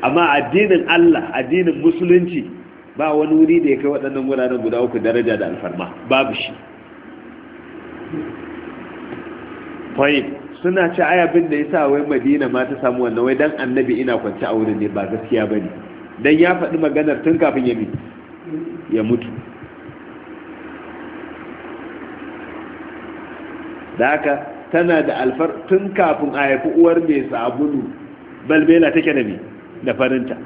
amma addinin allah addinin musulunci ba wani wuri da ya kai waɗannan wuraren guda uku daraja da alfarma babu shi suna ci ayabin da ya sa wai madina ma ta samu wannan wai dan annabi ina kwanci a wurin ne ba gaskiya ba ne dan ya faɗi maganar tun kafin ya ya mutu da haka tana da alfar tun kafin a haifi uwar mai sabulu balbela take da me da farinta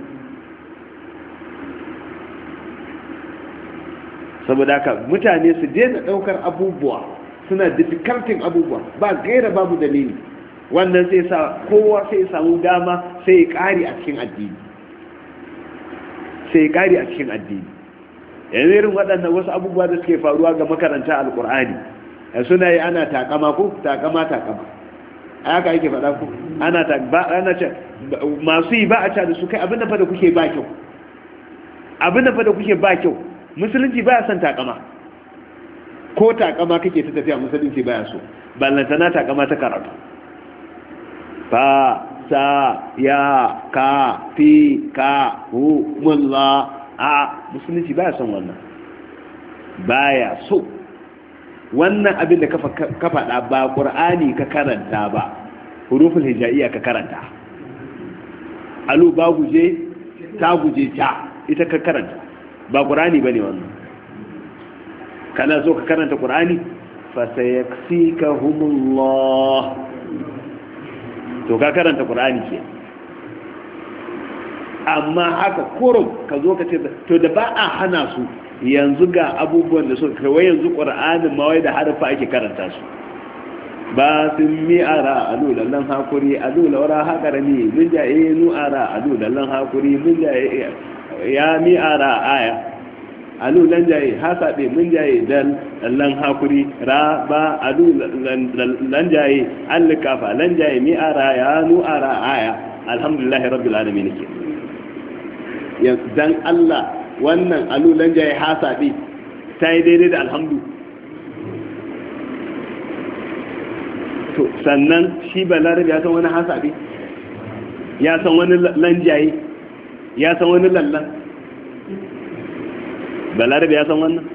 saboda haka mutane su daina daukar abubuwa suna difficultin abubuwa ba gaira babu dalili wannan sai sa kowa sai samu dama sai ya ƙare a cikin addini sai ya kare a cikin addini yanzu irin waɗannan wasu abubuwa da suke faruwa ga makaranta alkur'ani suna yi ana takama ko takama takama a yaka yake faɗa ko ana ta ana ce masu yi ba a ca da su kai abin da fa da kuke ba kyau abin da kuke ba kyau musulunci baya son takama ko takama kake ta tafiya musulunci ba ya so ballantana takama ta karatu ba sa ya ka fi ka hu mulla a musulunci baya son wannan baya so wannan abin da ka faɗa ba ƙur'ani ka karanta ba hurufin hijaiya ka karanta alu ba guje ta guje ta ita ka karanta ba ƙur'ani ba ne wannan kana so ka karanta ƙur'ani ka fasayaksikahumullah to ka karanta qur'ani ke amma haka korom ka zo ka ce to da ba a hana su yanzu ga abubuwan da su, kawai yanzu qur'anin ma wai da harfa ake karanta su ba sun mi ara a lulallan hakuri a lulallan hakarami mun ja e nu ara a lulallan hakuri mun ja eh, ya mi ara aya anu lan jaye ha be mun jaye dan lan hakuri ra ba adu lan jaye al kafa lan jaye mi ara ya nu ara aya alhamdulillah rabbil alamin ya dan Allah wannan alu lan jaye ha be ta yi daidai da alhamdu to sannan shi balarabe ya san wani be ya san wani lanjaye ya san wani lallan balarabe ya san wannan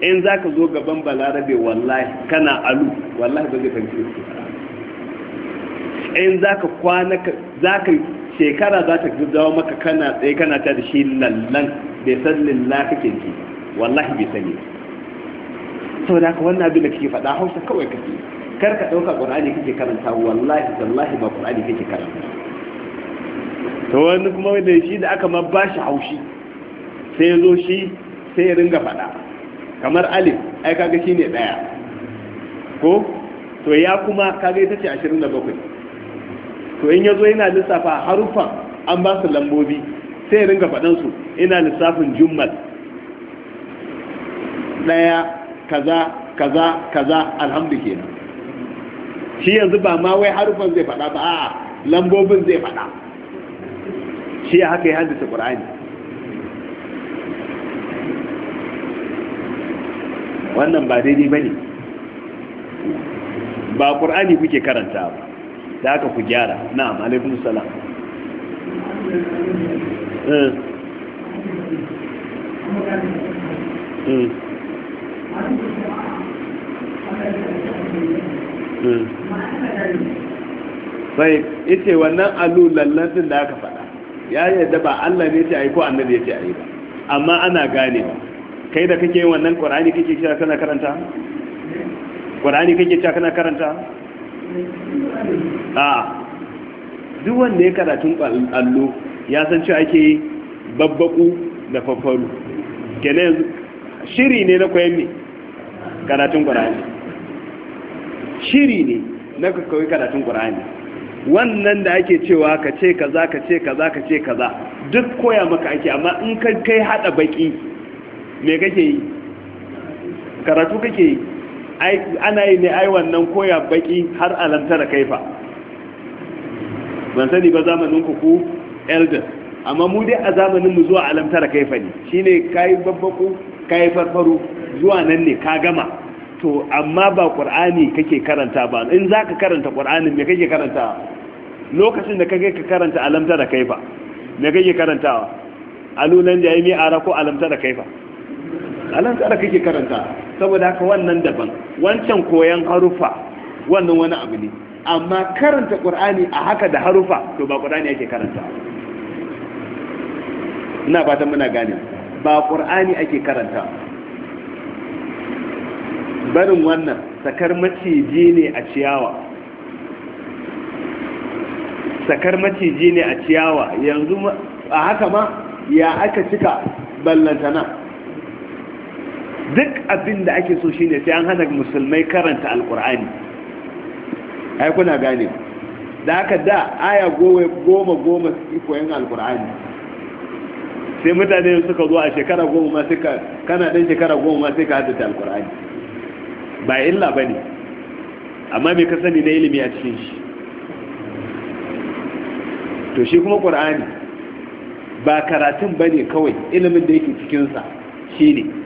in za ka zo gaban balarabe wallahi kana alu wallahi ba zai fahimci su in za ka kwana za ka shekara za ta gudawa maka kana tsaye kana ta da shi lallan bai san lilla kake ji wallahi bai sani sau da wannan abin da kake faɗa hausa kawai kake kar ka ɗauka ƙwar'ani kake karanta wallahi wallahi ba ƙwar'ani kake karanta to wani kuma wanda shi da aka ma ba shi haushi sai zo shi sai ya ringa faɗa kamar alif ai kaga shine daya ko to ya kuma kaga ita ce ashirin da bakwai to in ya zo yana lissafa haruffan an ba su lambobi sai ya ringa su ina lissafin jummal ɗaya kaza kaza kaza alhamdu shi yanzu ba ma wai harufan zai faɗa ba a lambobin zai faɗa shi haka ya haddace Kur'ani. wannan ba daidai ba ne ba ƙur'ani kuke karanta ba da aka ku gyara na'am alaikun salam eh. Eh. Eh. sai ita wannan din da aka faɗa ya yadda ba allah ne ce aiko ko annabi ya ce a yi ba amma ana ganewa kai da kake yin wannan qur'ani kake cewa kana karanta qur'ani kake cewa kana karanta a duk wanda ya karatun allo ya san cewa ake babbaku da faffaru gane shiri ne na kwayan ne karatun qur'ani shiri ne na koyi karatun qur'ani wannan da ake cewa ka ce kaza ka ce kaza ka ce kaza duk koya maka ake amma in kai hada baki me kake yi karatu kake yi ana yi ne ai wannan koya baki har da kaifa ban sani ba zamanin ku ku elder amma mu dai a zamanin mu zuwa da kaifa ne shine kai babbaku kai farfaro zuwa nan ne ka gama to amma ba qur'ani kake karanta ba in zaka karanta qur'anin me kake karanta lokacin da kake ka karanta da kaifa me kake karantawa alulan da yayi mi ara ko da kaifa tsara kake karanta saboda haka wannan daban wancan koyan harufa wannan wani abu ne amma karanta ƙur'ani a haka da harufa to ba ƙur'ani ake karanta ina fatan muna gane ba ƙur'ani ake karanta barin wannan sakar maciji ne a ciyawa sakar maciji ne a ciyawa yanzu a haka ma ya aka cika ballantana duk abin da ake so shine sai an hana musulmai karanta alkur'ani ai kuna gane da haka da aya goma goma su koyan alkur'ani sai mutane suka zo a shekara goma ma suka kana dan shekara goma ma sai ka alkur'ani ba illa ba ne amma me ka sani na ilimi a cikin shi to shi kuma ƙur'ani ba karatun bane kawai ilimin da yake cikinsa shi ne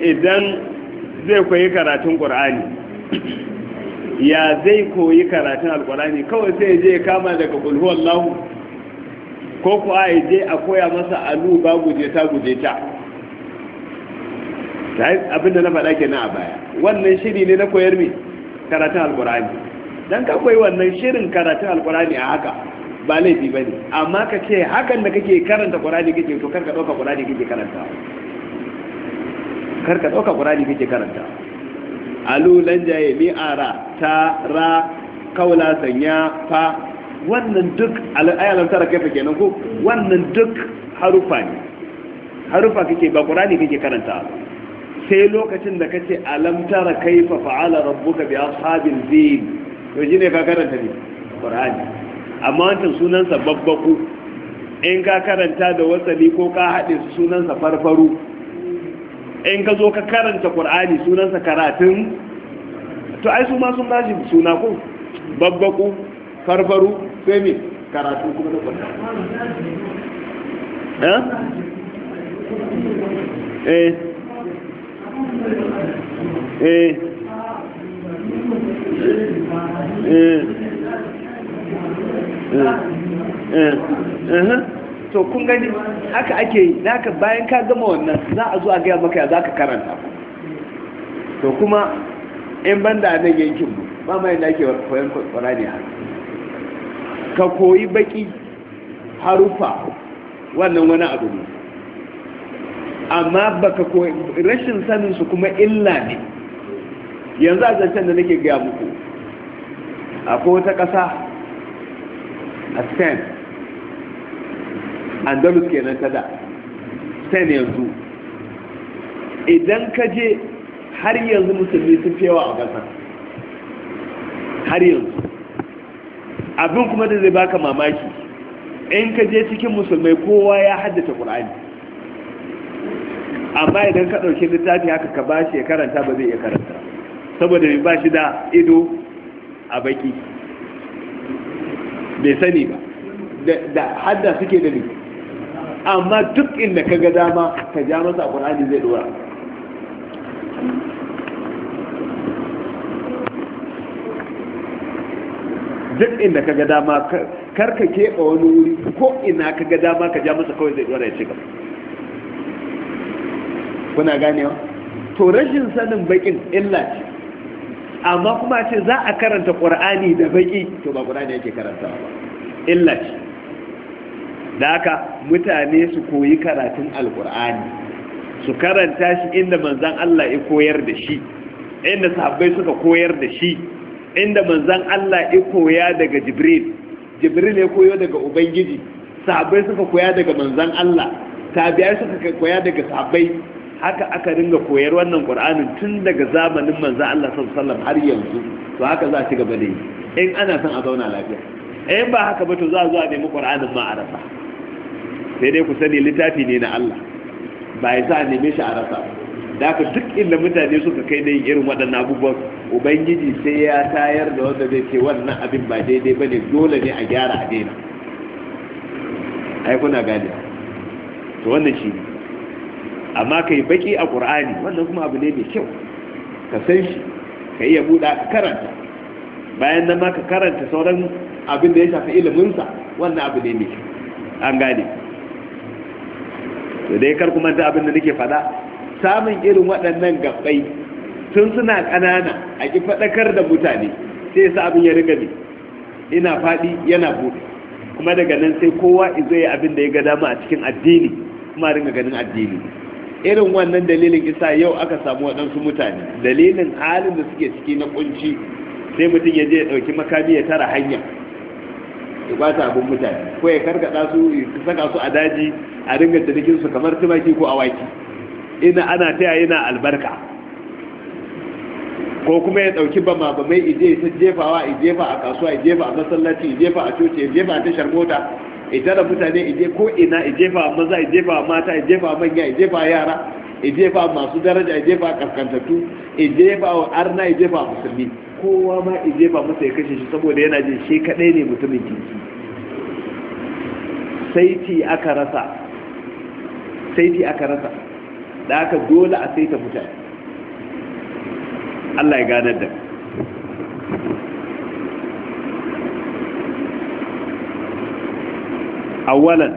idan zai koyi karatun ƙur'ani ya zai koyi karatun alƙur'ani kawai sai je kama daga ƙulhuwan lahu ko kuwa ya je a koya masa alu ba gujeta gujeta abin abinda na faɗa ke na a baya wannan shiri ne na koyar mai karatun alƙur'ani don ka koyi wannan shirin karatun alƙur'ani a haka ba laifi ba ne amma ka ce hakan da kake karanta ƙur'ani kake to karka ɗauka ƙur'ani kake karanta karka ɗauka ƙurani kake karanta alu jaye mi ara ta ra kaula sanya fa wannan duk ayalan tara kaifa nan ko wannan duk harufa ne harufa kake ba ƙurani kake karanta sai lokacin da kace alam tara kaifa fa'ala rabbuka bi ashabil zin to jine ka karanta ne ƙurani amma wancan sunansa babbaku in ka karanta da wasali ko ka haɗe su sunansa farfaru in ka zo ka karanta ƙwar'ani sunansa karatun to ai su masu sun bashi suna ku babbaku farfaru sai karatu kuma da qur'ani eh eh eh eh eh to kun gani haka ake yi haka bayan ka gama wannan za a zo a gaya maka ya za ka karanta to kuma in ban da nan yankin mu ba mai da ake koyon kwakwara ne haka ka koyi baki harufa wannan wani abu ne amma ba ka koyi rashin saninsu kuma illa ne yanzu a zancen da nake gaya muku akwai wata ƙasa a stand andalus kenan ta da ne yanzu idan ka je har yanzu musulmi sun fi yawa a ƙasar har yanzu abin kuma da zai baka mamaki in ka je cikin musulmai kowa ya haddace ƙur'ani amma idan ka ɗauki littafi haka ka ba shi ya karanta ba zai iya karanta saboda mai ba shi da ido a baki bai sani ba da hadda suke da ne amma duk inda ka ga dama ka ja masa ƙwararri zai dora duk inda ka ga dama kar ka keɓe wani wuri ko ina ka ga dama ka ja masa kawai zai dora ya ci gaba kuna ganewa to rashin sanin bakin illa ce amma kuma ce za a karanta ƙur'ani da baki to ba ƙur'ani yake karantawa ba illa ce da haka mutane su koyi karatun alkur'ani su karanta shi inda manzan Allah ya koyar da shi inda sahabbai suka koyar da shi inda manzan Allah ya koya daga jibril jibril ya koyo daga ubangiji sahabbai suka koya daga manzan Allah tabi'ai suka koya daga sahabbai haka aka ringa koyar wannan qur'anin tun daga zamanin manzan Allah sallallahu alaihi har yanzu to haka za a ci gaba da yi in ana son a zauna lafiya in ba haka ba to za a zo a nemi qur'anin ma a rasa sai dai ku sani littafi ne na Allah ba ya sa neme shi a rasa da ka duk inda mutane suka kai da irin waɗannan abubuwan ubangiji sai ya tayar da wanda zai ce wannan abin ba daidai ba ne dole ne a gyara a daina ai kuna gane to wannan shi ne amma ka yi baki a ƙur'ani wannan kuma abu ne mai kyau ka san shi ka iya buɗa ka karanta bayan nan ma ka karanta sauran abin da ya shafi iliminsa wannan abu ne mai kyau an gane to dai kar kuma da abin da nake faɗa samun irin waɗannan gabbai tun suna ƙanana a ki faɗakar da mutane sai sa abin ya riga ne ina faɗi yana buɗe kuma daga nan sai kowa izo ya abin da ya ga dama a cikin addini kuma ringa ganin addini irin wannan dalilin isa yau aka samu waɗansu mutane dalilin halin da suke ciki na kunci sai mutum ya je ya ɗauki makami ya tara hanya ya bata abin mutane ko ya karkada su saka su a daji a ringa cinikin su kamar tumaki ko awaki ina ana taya yana albarka ko kuma ya dauki bama ba mai ije ta jefawa i jefa a kasuwa i jefa a masallaci i jefa a coci i jefa a tashar mota i tara mutane ije je ko ina i jefa maza i jefa mata i jefa manya i yara i jefa masu daraja i jefa kaskantattu i jefa wa arna i jefa musulmi kowa ma i jefa masa ya kashe shi saboda yana jin shi kadai ne mutumin kirki sai ci aka rasa Sai saiti aka rasa da aka dole a saita fita. Allah ya ganar da awalan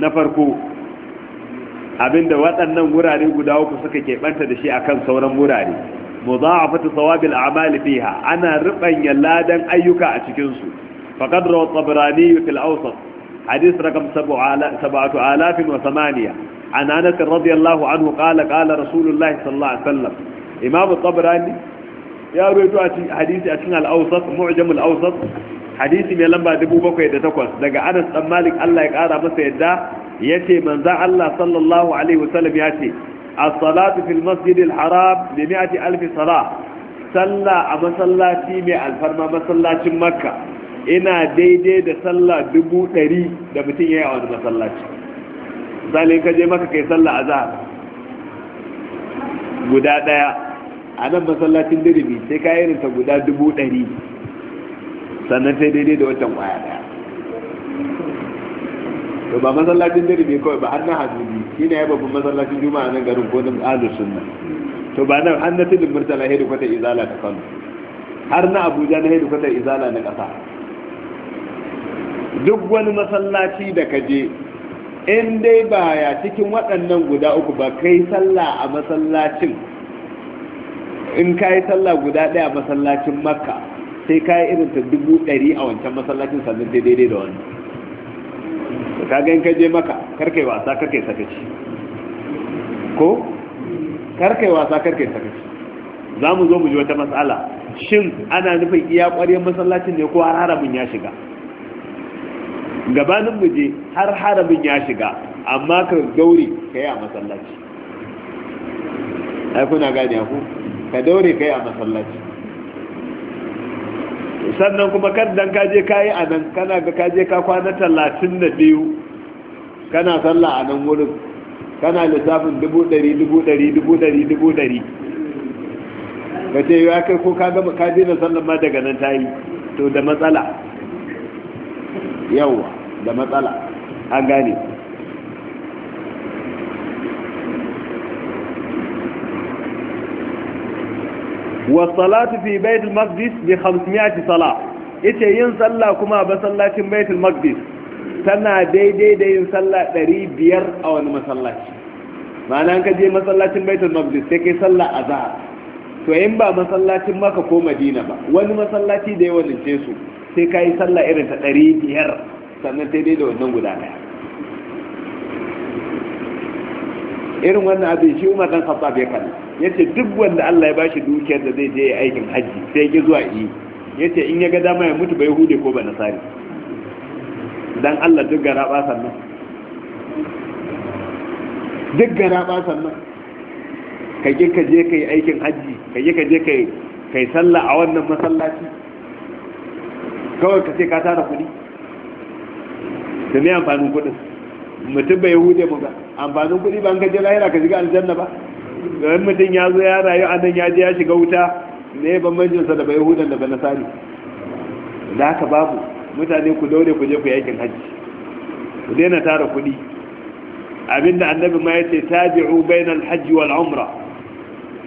na farko abinda waɗannan wurare guda uku suka keɓanta da shi akan sauran wurare fata thawabil a'mali fiha ana ruɓanya ladan ayyuka a cikin su wa rawa fil awsat حديث رقم سبعة آلاف وثمانية عن أنس رضي الله عنه قال قال رسول الله صلى الله عليه وسلم إمام الطبراني يا رويتو حديث أتنى الأوسط معجم الأوسط حديث من لما دبو بكو يدتكوس لقى أنس أم مالك الله يقارى بس يدى يتي من ذا الله صلى الله عليه وسلم يأتي الصلاة في المسجد الحرام لمئة ألف صلاة صلى أما صلى تيمي الفرما مسلاتي مكة ina daidai da sallah dubu ɗari da mutum ya yi a wani masallaci misalin ka je maka kai sallah a za guda ɗaya a nan masallacin dirimi sai ka irin ta guda dubu ɗari sannan sai daidai da wancan ƙwaya ɗaya to ba masallacin dirimi kawai ba hannun hajjubi shi ne ya babban masallacin juma'a nan garin ko nan alusun nan to ba nan hannun tilin murtala hedu kwata izala ta kano har na abuja na hedu kwatar izala na ƙasa duk wani masallaci da ka je in dai ba ya cikin waɗannan guda uku ba kai sallah a masallacin in ka yi sallah guda ɗaya a masallacin makka sai ka yi irin ta dubu ɗari a wancan masallacin sannan daidai da wani ka ga in ka je maka karkai wasa karkai sakaci ko karkai wasa karkai sakaci za mu zo mu ji wata matsala shin ana nufin iya ƙwaryen masallacin ne ko har haramin ya shiga gabanin muje har haramin ya shiga amma ka daure ka yi a masallaci ai kuna gane ku ka daure ka yi a masallaci sannan kuma kan dan ka je kayi a nan kana ga ka je ka kwana talatin da biyu kana sallah a nan wurin kana lissafin dubu dari dubu dari dubu dari dubu dari. ka ce ya kai ko ka gama ka daina sallan ma daga nan ta yi to da matsala yawwa da matsala an gane wasalatu fi baitul maqdis bi 500 sala ita yin sallah kuma ba sallacin baitul maqdis tana daidai da yin sallah 500 a wani masallaci ma'ana an je masallacin baitul maqdis sai kai sallah azhar to in ba masallacin maka ko madina ba wani masallaci da ya ce su sai kai sallah irin ta 500 sannan daidai da wannan guda ɗaya irin wannan abin shi umar dan khattab ya kana duk wanda Allah ya bashi dukiyar da zai je ya aikin hajji sai ya zuwa yi ce in ya ga dama ya mutu bai hude ko ba nasari dan Allah duk gara ba sannan duk gara ba sannan ka je ka je kai aikin hajji, ka je ka je kai kai sallah a wannan masallaci kawai ka ce ka tara kuɗi da mai amfanin kuɗin mutum bai hude mu ba amfanin kuɗi ba an ka je lahira ka shiga aljanna ba domin mutum ya zo ya rayu a nan ya je ya shiga wuta ne bambancin sa da bai hudan da sani da haka babu mutane ku daure ku je ku yakin hajji ku daina tara kuɗi abinda annabi ma yace tabi'u bainal hajji wal umra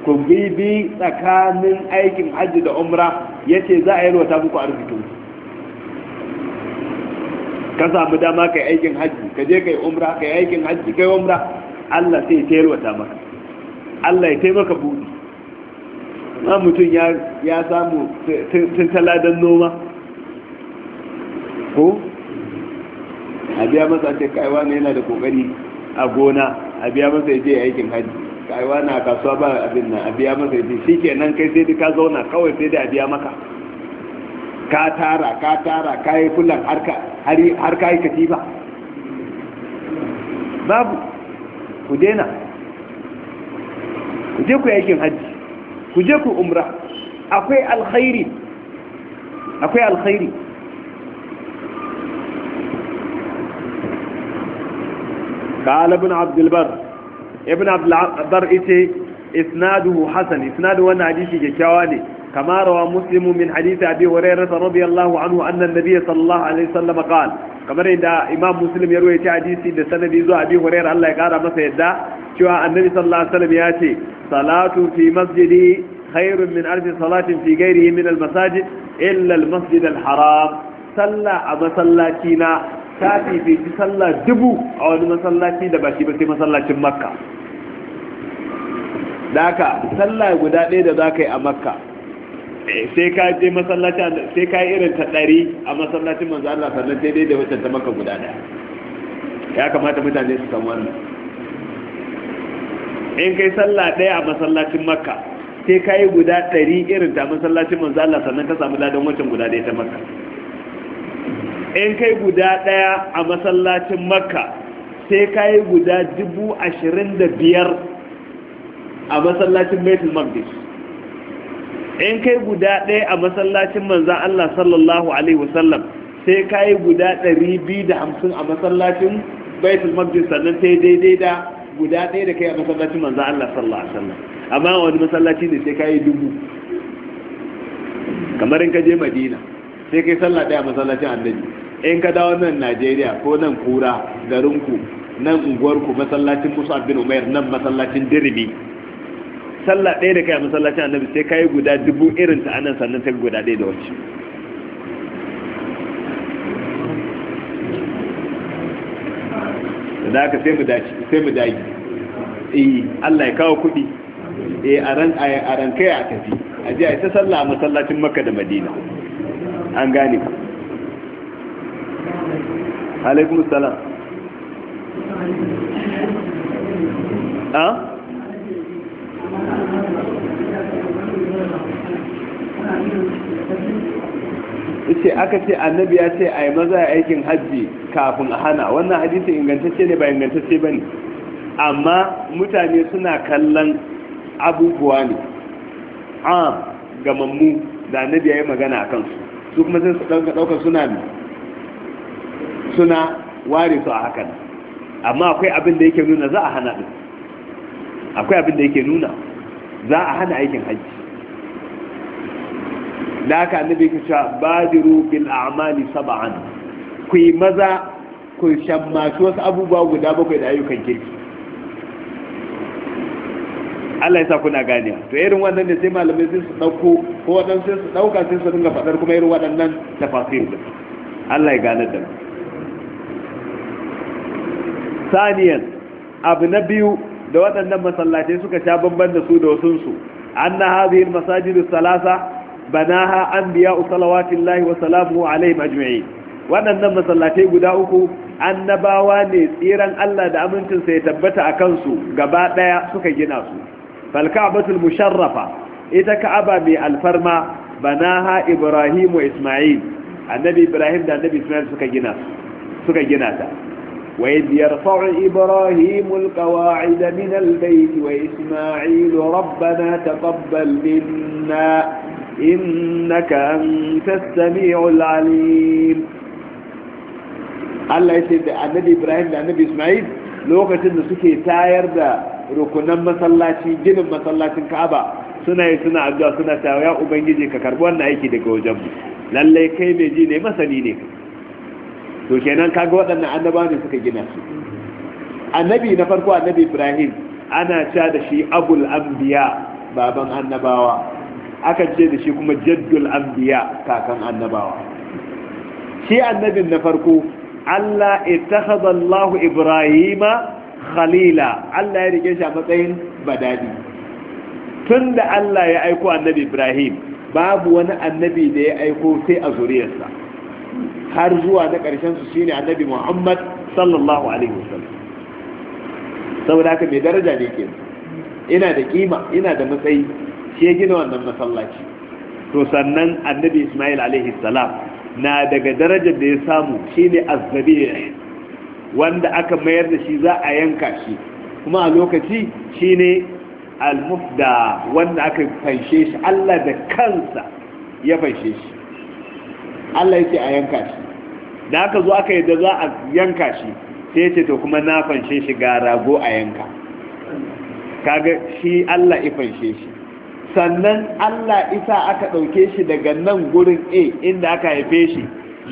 ku bi bi tsakanin aikin hajji da umra yace za a yi wata muku ku ka samu dama kai aikin hajji ka je kai umra kai aikin hajji kai umra Allah sai ya yalwata maka Allah ya taimaka buɗi ma mutum ya ya samu tun taladan noma ko a biya masa ce kaiwa ne yana da kokari a gona a biya masa ya je aikin hajji kaiwa na kasuwa ba abin nan a biya masa ya je nan kai sai ka zauna kawai sai da a biya maka ka tara ka tara ka yi kullum har ka yi katifa babu ku dena ku je ku yakin hajji ku je ku umra akwai alkhairi akwai alkhairi قال ابن عبد البر ابن عبد البر اسناده حسن اسناده وانا حديثي كيكاواني كما روى مسلم من حديث أبي هريرة رضي الله عنه أن النبي صلى الله عليه وسلم قال كما عند إمام مسلم يروي حديث إن سند يزو أبي هريرة الله يقال ما سيدا شوى النبي صلى الله عليه وسلم يأتي صلاة في مسجدي خير من ألف صلاة في غيره من المساجد إلا المسجد الحرام صلى أما صلى كينا تاتي في صلى دبو أو المصلى كينا باشي بسي مصلى مكة da haka sallah guda ɗaya da za ka yi a makka sai ka je masallaci sai ka irin ta ɗari a masallacin manzo Allah sannan sai dai da wacce ta maka guda ɗaya ya kamata mutane su san wannan in kai sallah ɗaya a masallacin makka sai ka yi guda ɗari irin ta masallacin manzo Allah sannan ka samu ladan wancan guda ɗaya ta makka in kai guda ɗaya a masallacin makka sai ka yi guda dubu ashirin da biyar a masallacin baitul maqdis in kai guda ɗaya a masallacin manzan Allah sallallahu alaihi wasallam sai ka yi guda ɗari biyu da hamsin a masallacin baitul maqdis sannan sai daidai da guda ɗaya da kai a masallacin manzan Allah sallallahu alaihi wasallam amma wani masallaci ne sai ka yi dubu kamar in ka je Madina sai kai sallah ɗaya a masallacin annabi in ka dawo nan Najeriya ko nan Kura garinku nan unguwarku masallacin Musa bin umar nan masallacin Dirimi sallah ɗaya da kai a masallacin annabi sai kayi guda dubu irin ta anan sannan ta guda ɗaya da wacce da haka sai mu dace sai mu dage eh Allah ya kawo kuɗi eh a ran a ran kai a tafi a je a ta sallah a masallacin Makka da Madina an gane ku alaikum salam a ah? ce aka ce annabi ya ce a yi maza aikin hajji kafin a hana wannan hadisi ingantacce ne ba ingantacce ba ne amma mutane suna kallon abubuwa ne a gamammu da annabi ya yi magana a kansu su kuma sai su ɗauka suna suna ware su a hakan amma akwai abin da yake nuna za a hana ɗin akwai abin da yake nuna za a hana aikin hajji da haka annabi ka cewa badiru bil a'mali sab'an ku yi maza ku shammaci wasu abubuwa guda bakwai da ayyukan kirki Allah ya sa kuna gane to irin wannan da sai malamai sun su dauko ko wadan sun su dauka sun su dinga fadar kuma irin waɗannan tafasir din Allah ya gane da saniyan abu na biyu da waɗannan masallatai suka sha bamban da su da wasunsu anna hadhihi almasajidu thalatha banaha anbiya'u salawatillahi wa salamuhu alaihim ajma'in waɗannan masallatai guda uku annabawa ne tsiran Allah da amincin sa ya tabbata a kansu gaba daya suka gina su fal ka'batul musharrafa ita ka'aba mai alfarma banaha ibrahim wa isma'il annabi ibrahim da annabi isma'il suka gina suka gina ta وإذ يرفع إبراهيم القواعد من البيت وإسماعيل ربنا تقبل منا إنك أنت السميع العليم Allah ya ce da annabi Ibrahim da annabi Ismail lokacin da suke tayar da rukunan masallaci ginin masallacin Ka'aba suna yi suna addu'a suna cewa ubangiji ka karbi wannan aiki daga wajenmu lallai kai mai ji ne masani ne to kenan kaga waɗannan annaba ne suka gina su annabi na farko annabi ibrahim ana ca da shi abul anbiya baban annabawa aka ce da shi kuma jaddul anbiya kakan annabawa shi annabin na farko Allah ittakhadha Allah Ibrahima khalila Allah ya rike shi a matsayin badadi tunda Allah ya aiko annabi Ibrahim babu wani annabi da ya aiko sai a zuriyarsa har zuwa na ƙarshen su shine annabi Muhammad sallallahu alaihi wasallam saboda haka mai daraja ne ke ina da kima ina da matsayi shi ya gina wannan masallaci to sannan annabi Ismail alaihi salam na daga darajar da ya samu shine azzabih wanda aka mayar da shi za a yanka shi kuma a lokaci shine al-mufda wanda aka fanshe shi Allah da kansa ya fanshe shi Allah yake a yanka shi da aka zo aka yadda za a yanka shi sai ya ce to kuma na fanshe shi ga rago a yanka kaga shi Allah ya fanshe shi sannan Allah isa aka ɗauke shi daga nan gurin A inda aka haife shi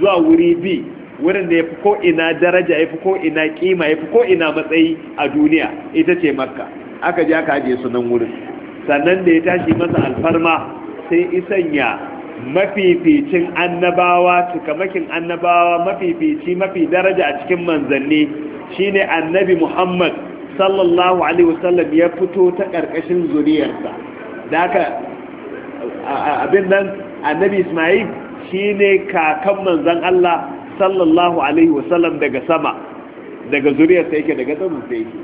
zuwa wuri B wurin da ya fi ko'ina daraja ya fi ko'ina kima ya fi ko'ina matsayi a duniya ita ce makka aka je aka ajiye su wurin sannan da ya tashi masa alfarma sai isanya mafificin annabawa cikamakin annabawa mafifici mafi daraja a cikin manzanni shine annabi muhammad sallallahu alaihi wasallam ya fito ta ƙarƙashin zuriyarsa da aka abin nan annabi ismail shine kakan manzan allah sallallahu alaihi wasallam daga sama daga zuriyarsa yake daga tsanin sai yake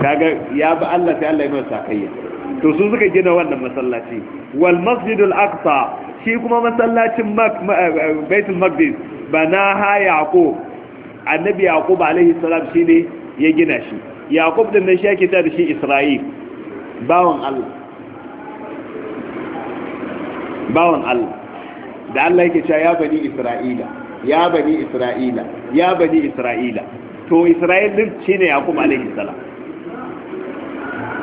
kaga ya bi allah sai allah ya masa kayyar to su suka gina wannan masallaci wal masjidul aqsa shi kuma masallacin eh, eh, baitul maqdis ha yaqub annabi yaqub alaihi salam ne ya gina shi yaqub din nan shi yake ta da shi isra'il bawon Allah bawon Allah da Allah yake cewa ya bani isra'ila ya bani isra'ila ya bani isra'ila to isra'il din ne yaqub alaihi salam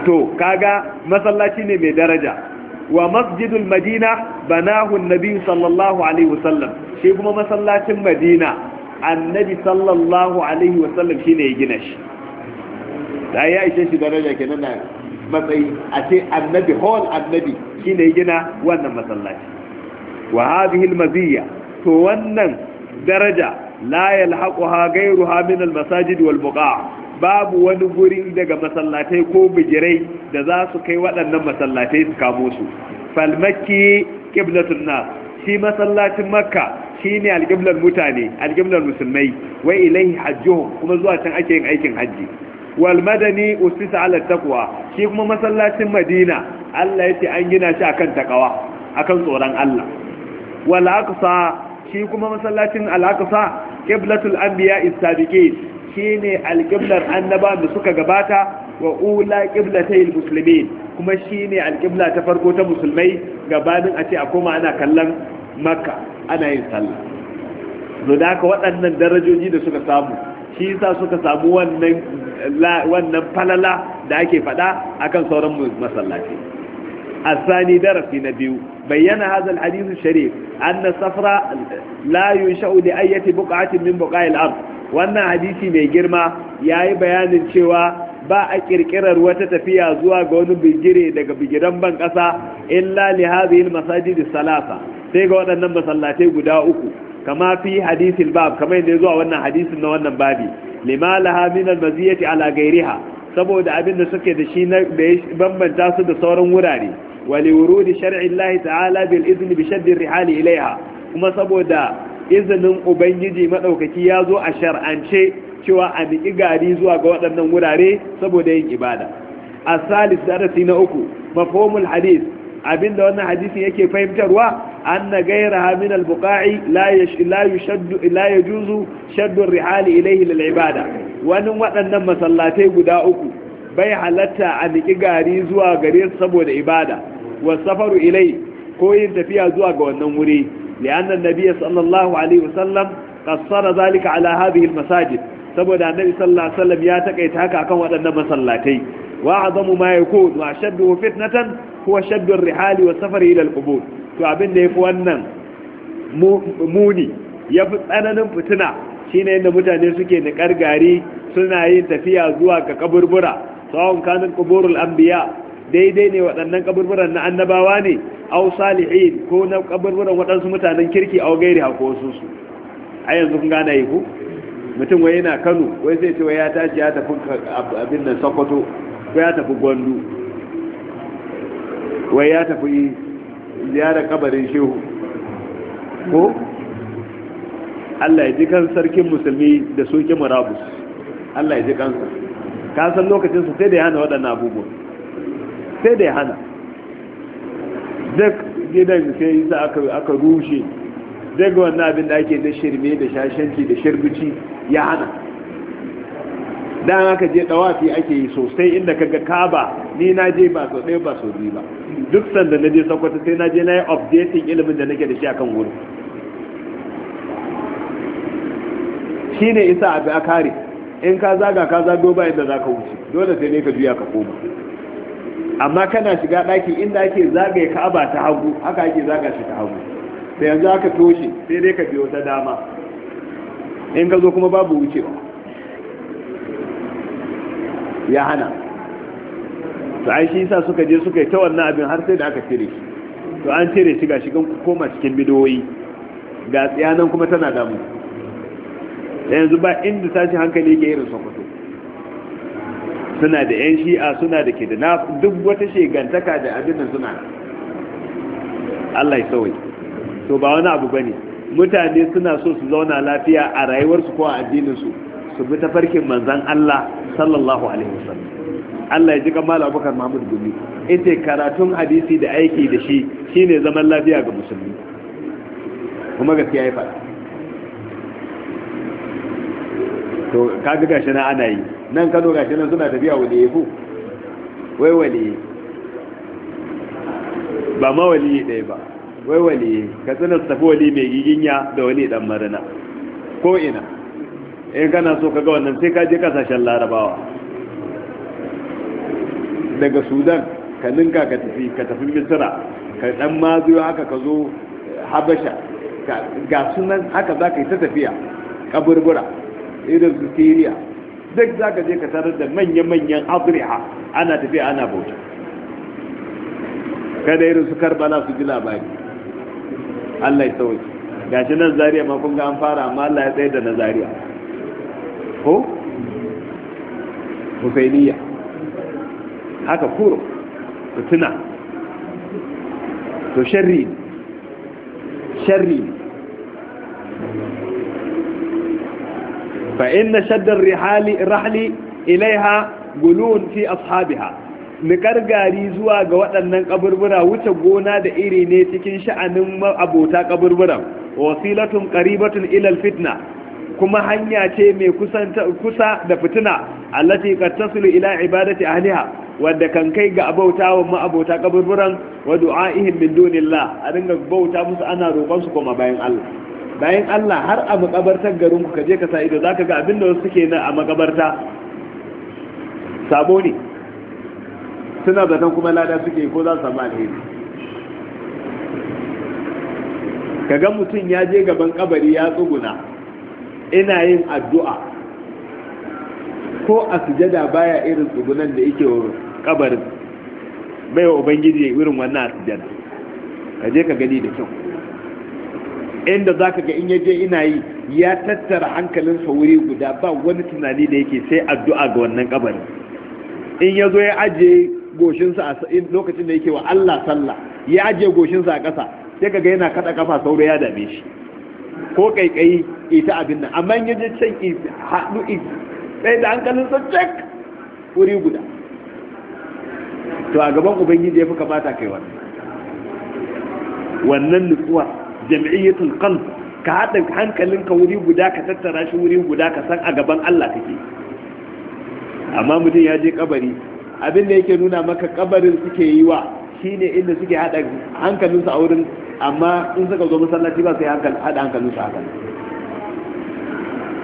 to kaga masallaci ne mai daraja wa masjidul madina banahu nabi sallallahu alaihi wasallam shi kuma masallacin madina annabi sallallahu alaihi wasallam shine ya gina shi da ya ishe shi daraja kenan na matsayi a ce annabi hall annabi shine ya gina wannan masallaci wa hadhihi almaziyya to wannan daraja la yalhaquha ghayruha min almasajid wal buqa' babu wani guri daga masallatai ko bijirai da za su kai waɗannan masallatai su kamo su falmaki ƙiblatun na shi masallacin makka shi ne alƙiblar mutane alƙiblar musulmai wai ilai hajjuhun kuma zuwa can ake yin aikin hajji wal madani usisa ala shi kuma masallacin madina Allah yace an gina shi akan takawa akan tsoron Allah wal aqsa shi kuma masallacin al aqsa qiblatul anbiya'is shine alqiblar annaba da suka gabata wa ula qiblatayil muslimin kuma shine alqibla ta farko ta musulmai gabanin a ce a koma ana kallon makka ana yin sallah to haka waɗannan darajoji da suka samu shi yasa suka samu wannan wannan falala da ake faɗa akan sauran masallaci الثاني درس نبيو بيّن هذا الحديث الشريف أن السفر لا ينشأ لأية بقعة من بقاع الأرض wannan hadisi mai girma ya yi bayanin cewa ba a kirkirar wata tafiya zuwa ga wani bigire daga bigiran ban ƙasa illa li hadhihi al-masajid salasa sai ga waɗannan masallatai guda uku kama fi hadisil bab kamar yadda zuwa wannan hadisin na wannan babi lima laha min al-maziyati ala ghayriha saboda abin da suke da shi na bambanta su da sauran wurare wali wurudi shar'i Allah ta'ala bil izni bi shaddi rihali ilaiha kuma saboda izinin ubangiji maɗaukaki ya zo a shar'ance cewa a niƙi gari zuwa ga waɗannan wurare saboda yin ibada a salis darasi na uku mafhumul hadis abinda wannan hadisin yake fahimtarwa an na min al-buqa'i la ya juzu yajuzu rihali ilayhi lil-ibada wani waɗannan masallatai guda uku bai halatta a niƙi gari zuwa gare saboda ibada Wa safaru ilai ko yin tafiya zuwa ga wannan wuri li'annan nabiyyi sallallahu alaihi wasallam qassara zalika ala hadhihi almasajid saboda annabi sallallahu alaihi wasallam ya takaita haka akan waɗannan masallatai wa azamu ma yakun wa shaddu fitnatan huwa shaddu ar-rihali wa safari ila al to abin da yafi wannan muni yafi tsananin fitina shine yadda mutane suke niƙar gari suna yin tafiya zuwa ga kaburbura sawon kanin quburul anbiya daidai ne waɗannan kaburburan na annabawa ne au salihin ko na kaburburan waɗansu mutanen kirki au gairi hako su su a yanzu kun gane ku mutum wai yana kano wai zai ce wai ya tashi ya tafi abin nan sokoto ko ya tafi gwandu wai ya tafi ziyarar kabarin shehu ko Allah ya ji kan sarkin musulmi da soke murabus Allah ya ji kansa ka san sai da hana waɗannan abubuwan sai da ya hana duk gidan sai za aka rushe daga wannan abin da ake da shirme da shashanci da shirbici ya hana don aka je dawafi ake yi sosai inda kaga kaba ni na je ba so ɗaya ba so biyu ba duk sanda na je sakwata sai na je na yi updating ilimin da nake da shi akan wuri shi ne isa abu a kare in ka zaga ka zago ba inda za ka wuce dole sai ne ka juya ka koma amma kana shiga daki inda ake zagaye ka'aba ta hagu haka ake zaga shi ta hagu sai yanzu aka toshe sai dai ka biyo ta dama in ka zo kuma babu wucewa ya hana to ai shi yasa suka je suka yi ta wannan abin har sai da aka cire shi to an cire shi ga shigan koma cikin bidoyi ga tsiyanan kuma tana damu yanzu ba inda tashi hankali ke irin sokoto suna da yan shi'a suna da na duk wata shegantaka da abin suna Allah ya to ba wani abu bane mutane suna so su zauna lafiya a rayuwarsu ko a addinin su su bi ta farkin manzon Allah sallallahu alaihi wasallam Allah ya ji kamar Abubakar Mahmud Gumi ita karatun hadisi da aiki da shi shine zaman lafiya ga musulmi kuma gaskiya ya faɗa to kaga gashi na ana yi nan kano gashi nan suna tafiya wani yafu wai wani ba ma wani ɗaya ba wai wani ka su tafi wani mai giginya da wani dan marina ko ina in kana so ka ga wannan sai ka je kasashen larabawa daga sudan ka ninka ka tafi ka tafi misira ka dan mazuyo haka ka zo habasha ga sunan haka za ka yi ta tafiya kaburbura irin su syria duk za ka je ka tarar da manya-manyan afirka ana tafiya ana bauta kada irin su karbala su ji labari allah ya sauki gashi nan zariya ma kun ga an fara amma allah ya tsaye da na zariya ko husainiya haka kuro tuna to sharri sharri ba'in inna shaddar rihali rahli ilaiha gulun fi ashabiha nikar gari zuwa ga waɗannan kaburbura wuce gona da iri ne cikin sha'anin abota kaburburan wasilatun qaribatun ilal fitna kuma hanya ce mai kusa da fitina allati qad tasilu ila ibadati ahliha wadda kan kai ga abauta wa ma'abauta kaburburan wa du'a'ihim min dunillah a dinga bauta musu ana roƙon su koma bayan Allah bayan Allah har a makabartar garinku ku kaje ka sa ido zaka ga abin da wasu suke na a makabarta sabo ne suna zaton kuma lada suke ko za su samu alheri kaga mutum ya je gaban kabari ya tsuguna ina yin addu'a ko a sujada baya irin tsugunan da yake wa kabarin bai wa ubangiji irin wannan a sujada kaje ka gani da kyau inda za ka ga in yaje ina yi ya tattara hankalinsa wuri guda ba wani tunani da yake sai addu'a ga wannan kabarin in ya zo ya aje goshinsa a lokacin da yake wa Allah sallah ya aje goshinsa a ƙasa sai ka ga yana kaɗa kafa sauro ya dame shi ko ƙaiƙayi ita abin nan amma ya je can haɗu sai da hankalinsa cek wuri guda to a gaban ubangiji ya fi kamata kai wannan wannan nutsuwa jam'iyyatul qalb ka haɗa hankalinka wuri guda ka tattara shi wuri guda ka san a gaban Allah kake amma mutum ya je kabari abin da yake nuna maka kabarin suke yi wa shine inda suke haɗa hankalinsu a wurin amma in suka zo masallaci ba sai haɗa hankalinsu haka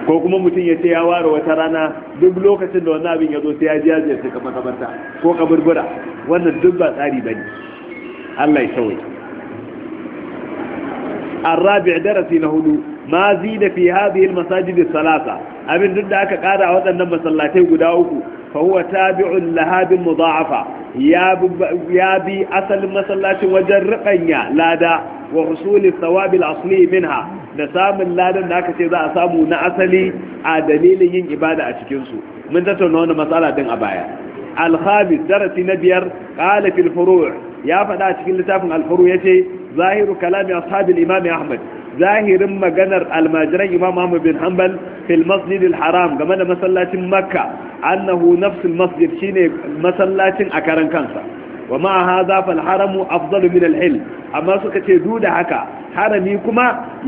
ko kuma mutum ya ce ya ware wata rana duk lokacin da wani abin ya zo sai ya ji ya ziyarci ka kabarta ko kaburbura wannan duk ba tsari ba ne Allah ya sauya الرابع درسي نهدو ما زيد في هذه المساجد الثلاثة أبن ضد أكا قادة وطن مسلاتين قداؤكو فهو تابع لها بالمضاعفة يا بي أصل مسلات وجرقنيا لادا وحصول الثواب الأصلي منها نسام اللادا ناكا تيزا أسامو نأسلي عدليل ين إبادة أتكنسو من تتنون مسألة دين أبايا الخامس درسي نبير قال في الفروع يا فدا cikin littafin alfuru yace zahiru kalami ashabil imami ahmad zahirin maganar almajiran imam ahmad bin Hambal. fil masjid haram game da masallacin makka annahu nafs masjid shine masallacin a karan kansa wa ma hadha fal haramu afdalu min al hil amma suka ce duk da haka harami kuma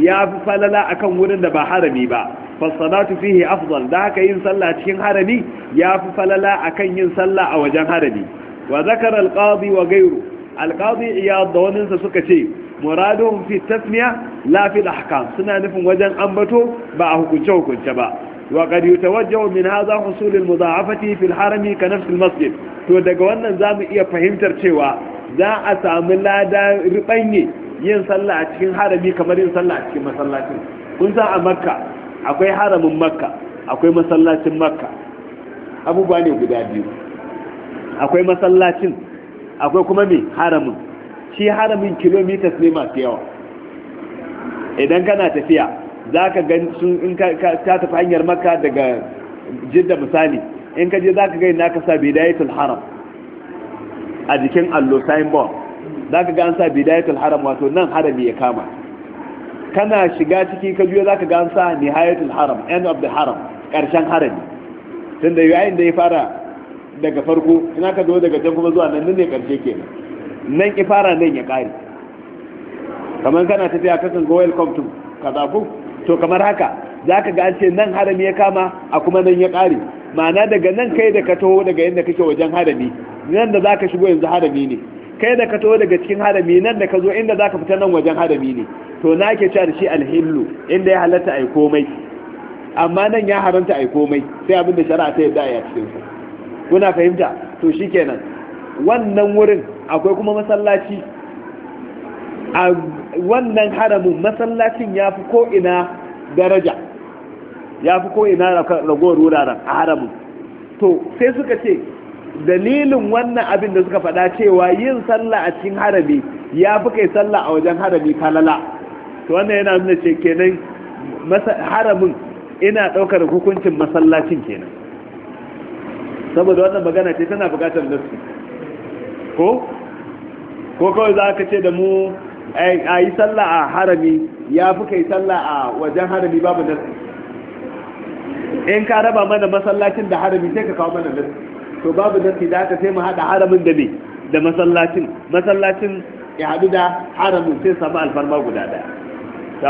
ya fi falala akan wurin da ba harami ba fasalatu fihi Afzal da haka yin sallah cikin harami ya fi falala akan yin sallah a wajen harami wa zakara al qadi wa Gairu. alqadi iya da wannan suka ce muraduhum fi tasmiya la da ahkam suna nufin wajen ambato ba a hukunce hukunce ba wa qad yatawajjahu min hadha husul almudha'afati fi alharami ka nafs almasjid to daga wannan zamu iya fahimtar cewa za a samu lada ribanye yin sallah a cikin harami kamar yin sallah a cikin masallacin kun san a makka akwai haramin makka akwai masallacin makka abubuwa ne guda biyu akwai masallacin akwai kuma mai haramin shi haramin kilomitas ne masu yawa idan kana tafiya za ka gan sun in ka tafi hanyar maka daga jidda misali in ka je za ka gani na ka sa bidayatul haram a jikin allo signboard za ka ga sa bidayatul haram wato nan harami ya kama kana shiga ciki ka juya za ka ga sa nihayatul haram end of the haram ƙarshen harami tunda yayin da ya fara daga farko ina ka zo daga can kuma zuwa nan ne karshe ke nan ki fara nan ya kare kamar kana tafiya kan go welcome to kazafu to kamar haka za ka ga an ce nan harami ya kama a kuma nan ya kare ma'ana daga nan kai da ka taho daga inda kake wajen harami nan da za ka shigo yanzu harami ne kai da ka taho daga cikin harami nan da ka zo inda za ka fita nan wajen harami ne to na ke cewa da shi alhillu inda ya halatta ai komai amma nan ya haramta ai komai sai abin da shari'a ta yadda a cikin cikinsa. kuna fahimta to shikenan wannan wurin akwai kuma masallaci a wannan haramin masallacin ya fi ko'ina daraja ya fi ko'ina ragowar wuraren a haramin to sai suka ce dalilin wannan abin da suka faɗa cewa yin sallah a cikin harami ya fi kai sallah a wajen harami kalala to wannan yana nuna ce kenan haramin ina ɗaukar hukuncin masallacin kenan saboda wannan magana ce tana bukatar nasu ko ko kawai za ka ce da mu a yi sallah a harami ya fi kai sallah a wajen harami babu nasu in ka raba mana masallacin da harami sai ka kawo mana nasu to babu nasu da aka sai mu haɗa haramin da ne da masallacin masallacin ya haɗu da haramin sai samu alfarma guda ɗaya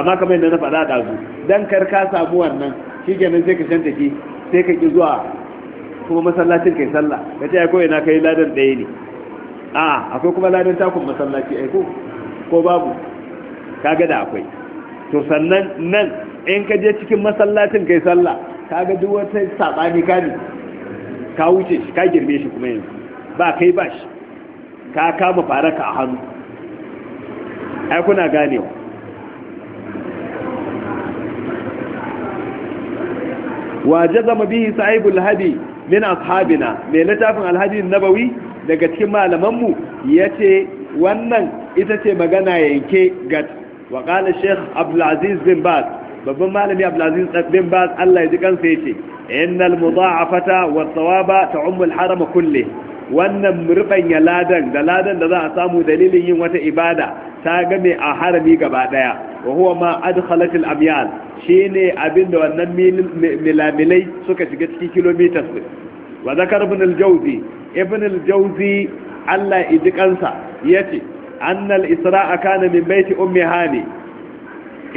amma kamar yadda na faɗa ɗazu don kar ka samu wannan shi kenan sai ka shanta ki sai ka ki zuwa kuma masallacin kai sallah ka ce ko ina kai ladan ɗaya ne a akwai kuma ladan takun masallaci aiko ko babu kaga da akwai to sannan nan in ka je cikin masallacin kai sallah kaga duk wata sabani ka ne ka wuce shi ka girme shi kuma yanzu ba kai ba shi ka kama faraka a hannu ai kuna ganewa wa jazama bihi sa'ibul hadi min ashabina mai littafin alhadin nabawi daga cikin malamanmu ya ce wannan ita ce magana yanke ga wa sheikh abdulaziz bin baz babban malami abdulaziz bin baz allah ya ji kansa ya ce innal muza'afata wa ta ta'ummul harama kulle wannan murɓanya ladan da ladan da za a samu dalilin yin wata ibada ta game a harami gaba daya wa huwa ma adkhalatil amyal shine abin da wannan milamilai suka shiga cikin kilometers din wa zakar ibn al-jawzi ibn al-jawzi Allah idi kansa yace annal isra'a kana min baiti ummi hani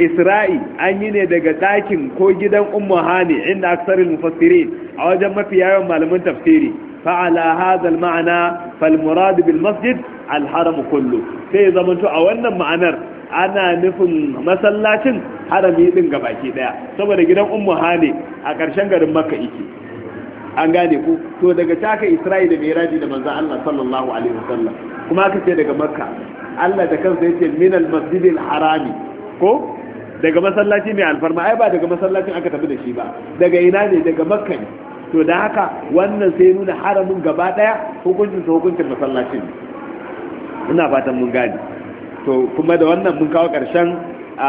isra'i an yi ne daga dakin ko gidan ummu hani inda aksarin mufassirin a wajen mafi yawan malaman tafsiri فعلى هذا المعنى فالمراد بالمسجد الحرم كله sai zamanto a wannan ma'anar ana nufin masallacin harami din gabaki daya saboda gidan ummu hali a ƙarshen garin makka yake an gane ku to daga taka isra'ila da miraji da manzon Allah sallallahu alaihi wasallam kuma aka ce daga makka Allah da kansa yace min al al harami ko daga masallaci mai alfarma ai ba daga masallacin aka tafi da shi ba daga ina ne daga makka ne to da haka wannan sai nuna haramin gaba daya hukuncin sa hukuncin masallacin ina fatan mun gani to kuma da wannan mun kawo karshen a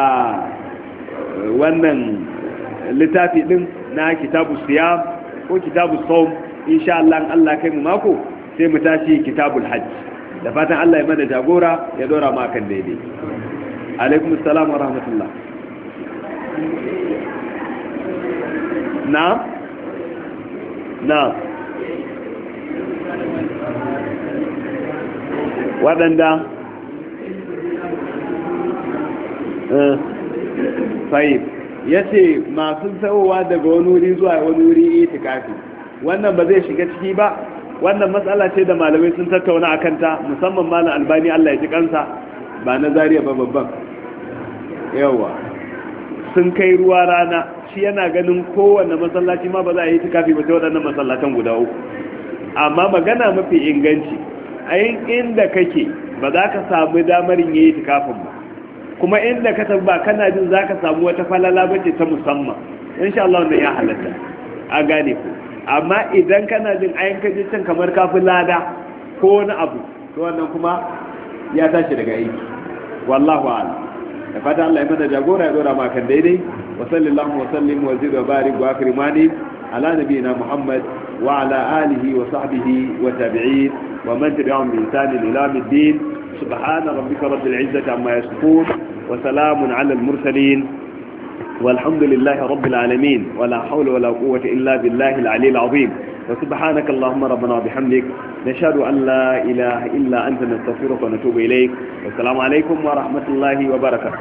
wannan littafi din na kitabu siyam ko kitabu saum insha Allah Allah kai mu mako sai mu tashi kitabul hajj da fatan Allah ya mana jagora ya dora mu akan daidai alaikum assalam wa rahmatullah na na waɗanda eh, fahim ya ce masu sauwa daga wani wuri zuwa wani wuri itikafi wannan ba zai shiga ciki ba wannan matsala ce da malamai sun tattauna a kanta musamman na albani allah ya ji kansa ba na zariya ba babban yawa sun kai ruwa rana shi yana ganin kowanne masallaci ma ba za a yi tukafi ba ta waɗannan masallatan guda uku amma magana mafi inganci a yin inda kake ba za ka samu damar yin yi tukafin ba kuma inda ka tabba kana jin za ka samu wata falala bace ta musamman insha Allah wannan ya halatta a gane ku amma idan kana jin ayin ka can kamar kafin lada ko wani abu to wannan kuma ya tashi daga aiki wallahu a'lam da fata Allah ya mana jagora ya dora makan daidai wa sallallahu wa sallim wa zid wa wa akrimani ala nabiyina Muhammad wa ala alihi wa sahbihi wa tabi'in wa man tabi'ahum bi ihsan ila yawmiddin subhana rabbika rabbil izzati amma yasifun wa salamun ala al mursalin والحمد لله رب العالمين ولا حول ولا قوة إلا بالله العلي العظيم وسبحانك اللهم ربنا وبحمدك نشهد أن لا إله إلا أنت نستغفرك ونتوب إليك والسلام عليكم ورحمة الله وبركاته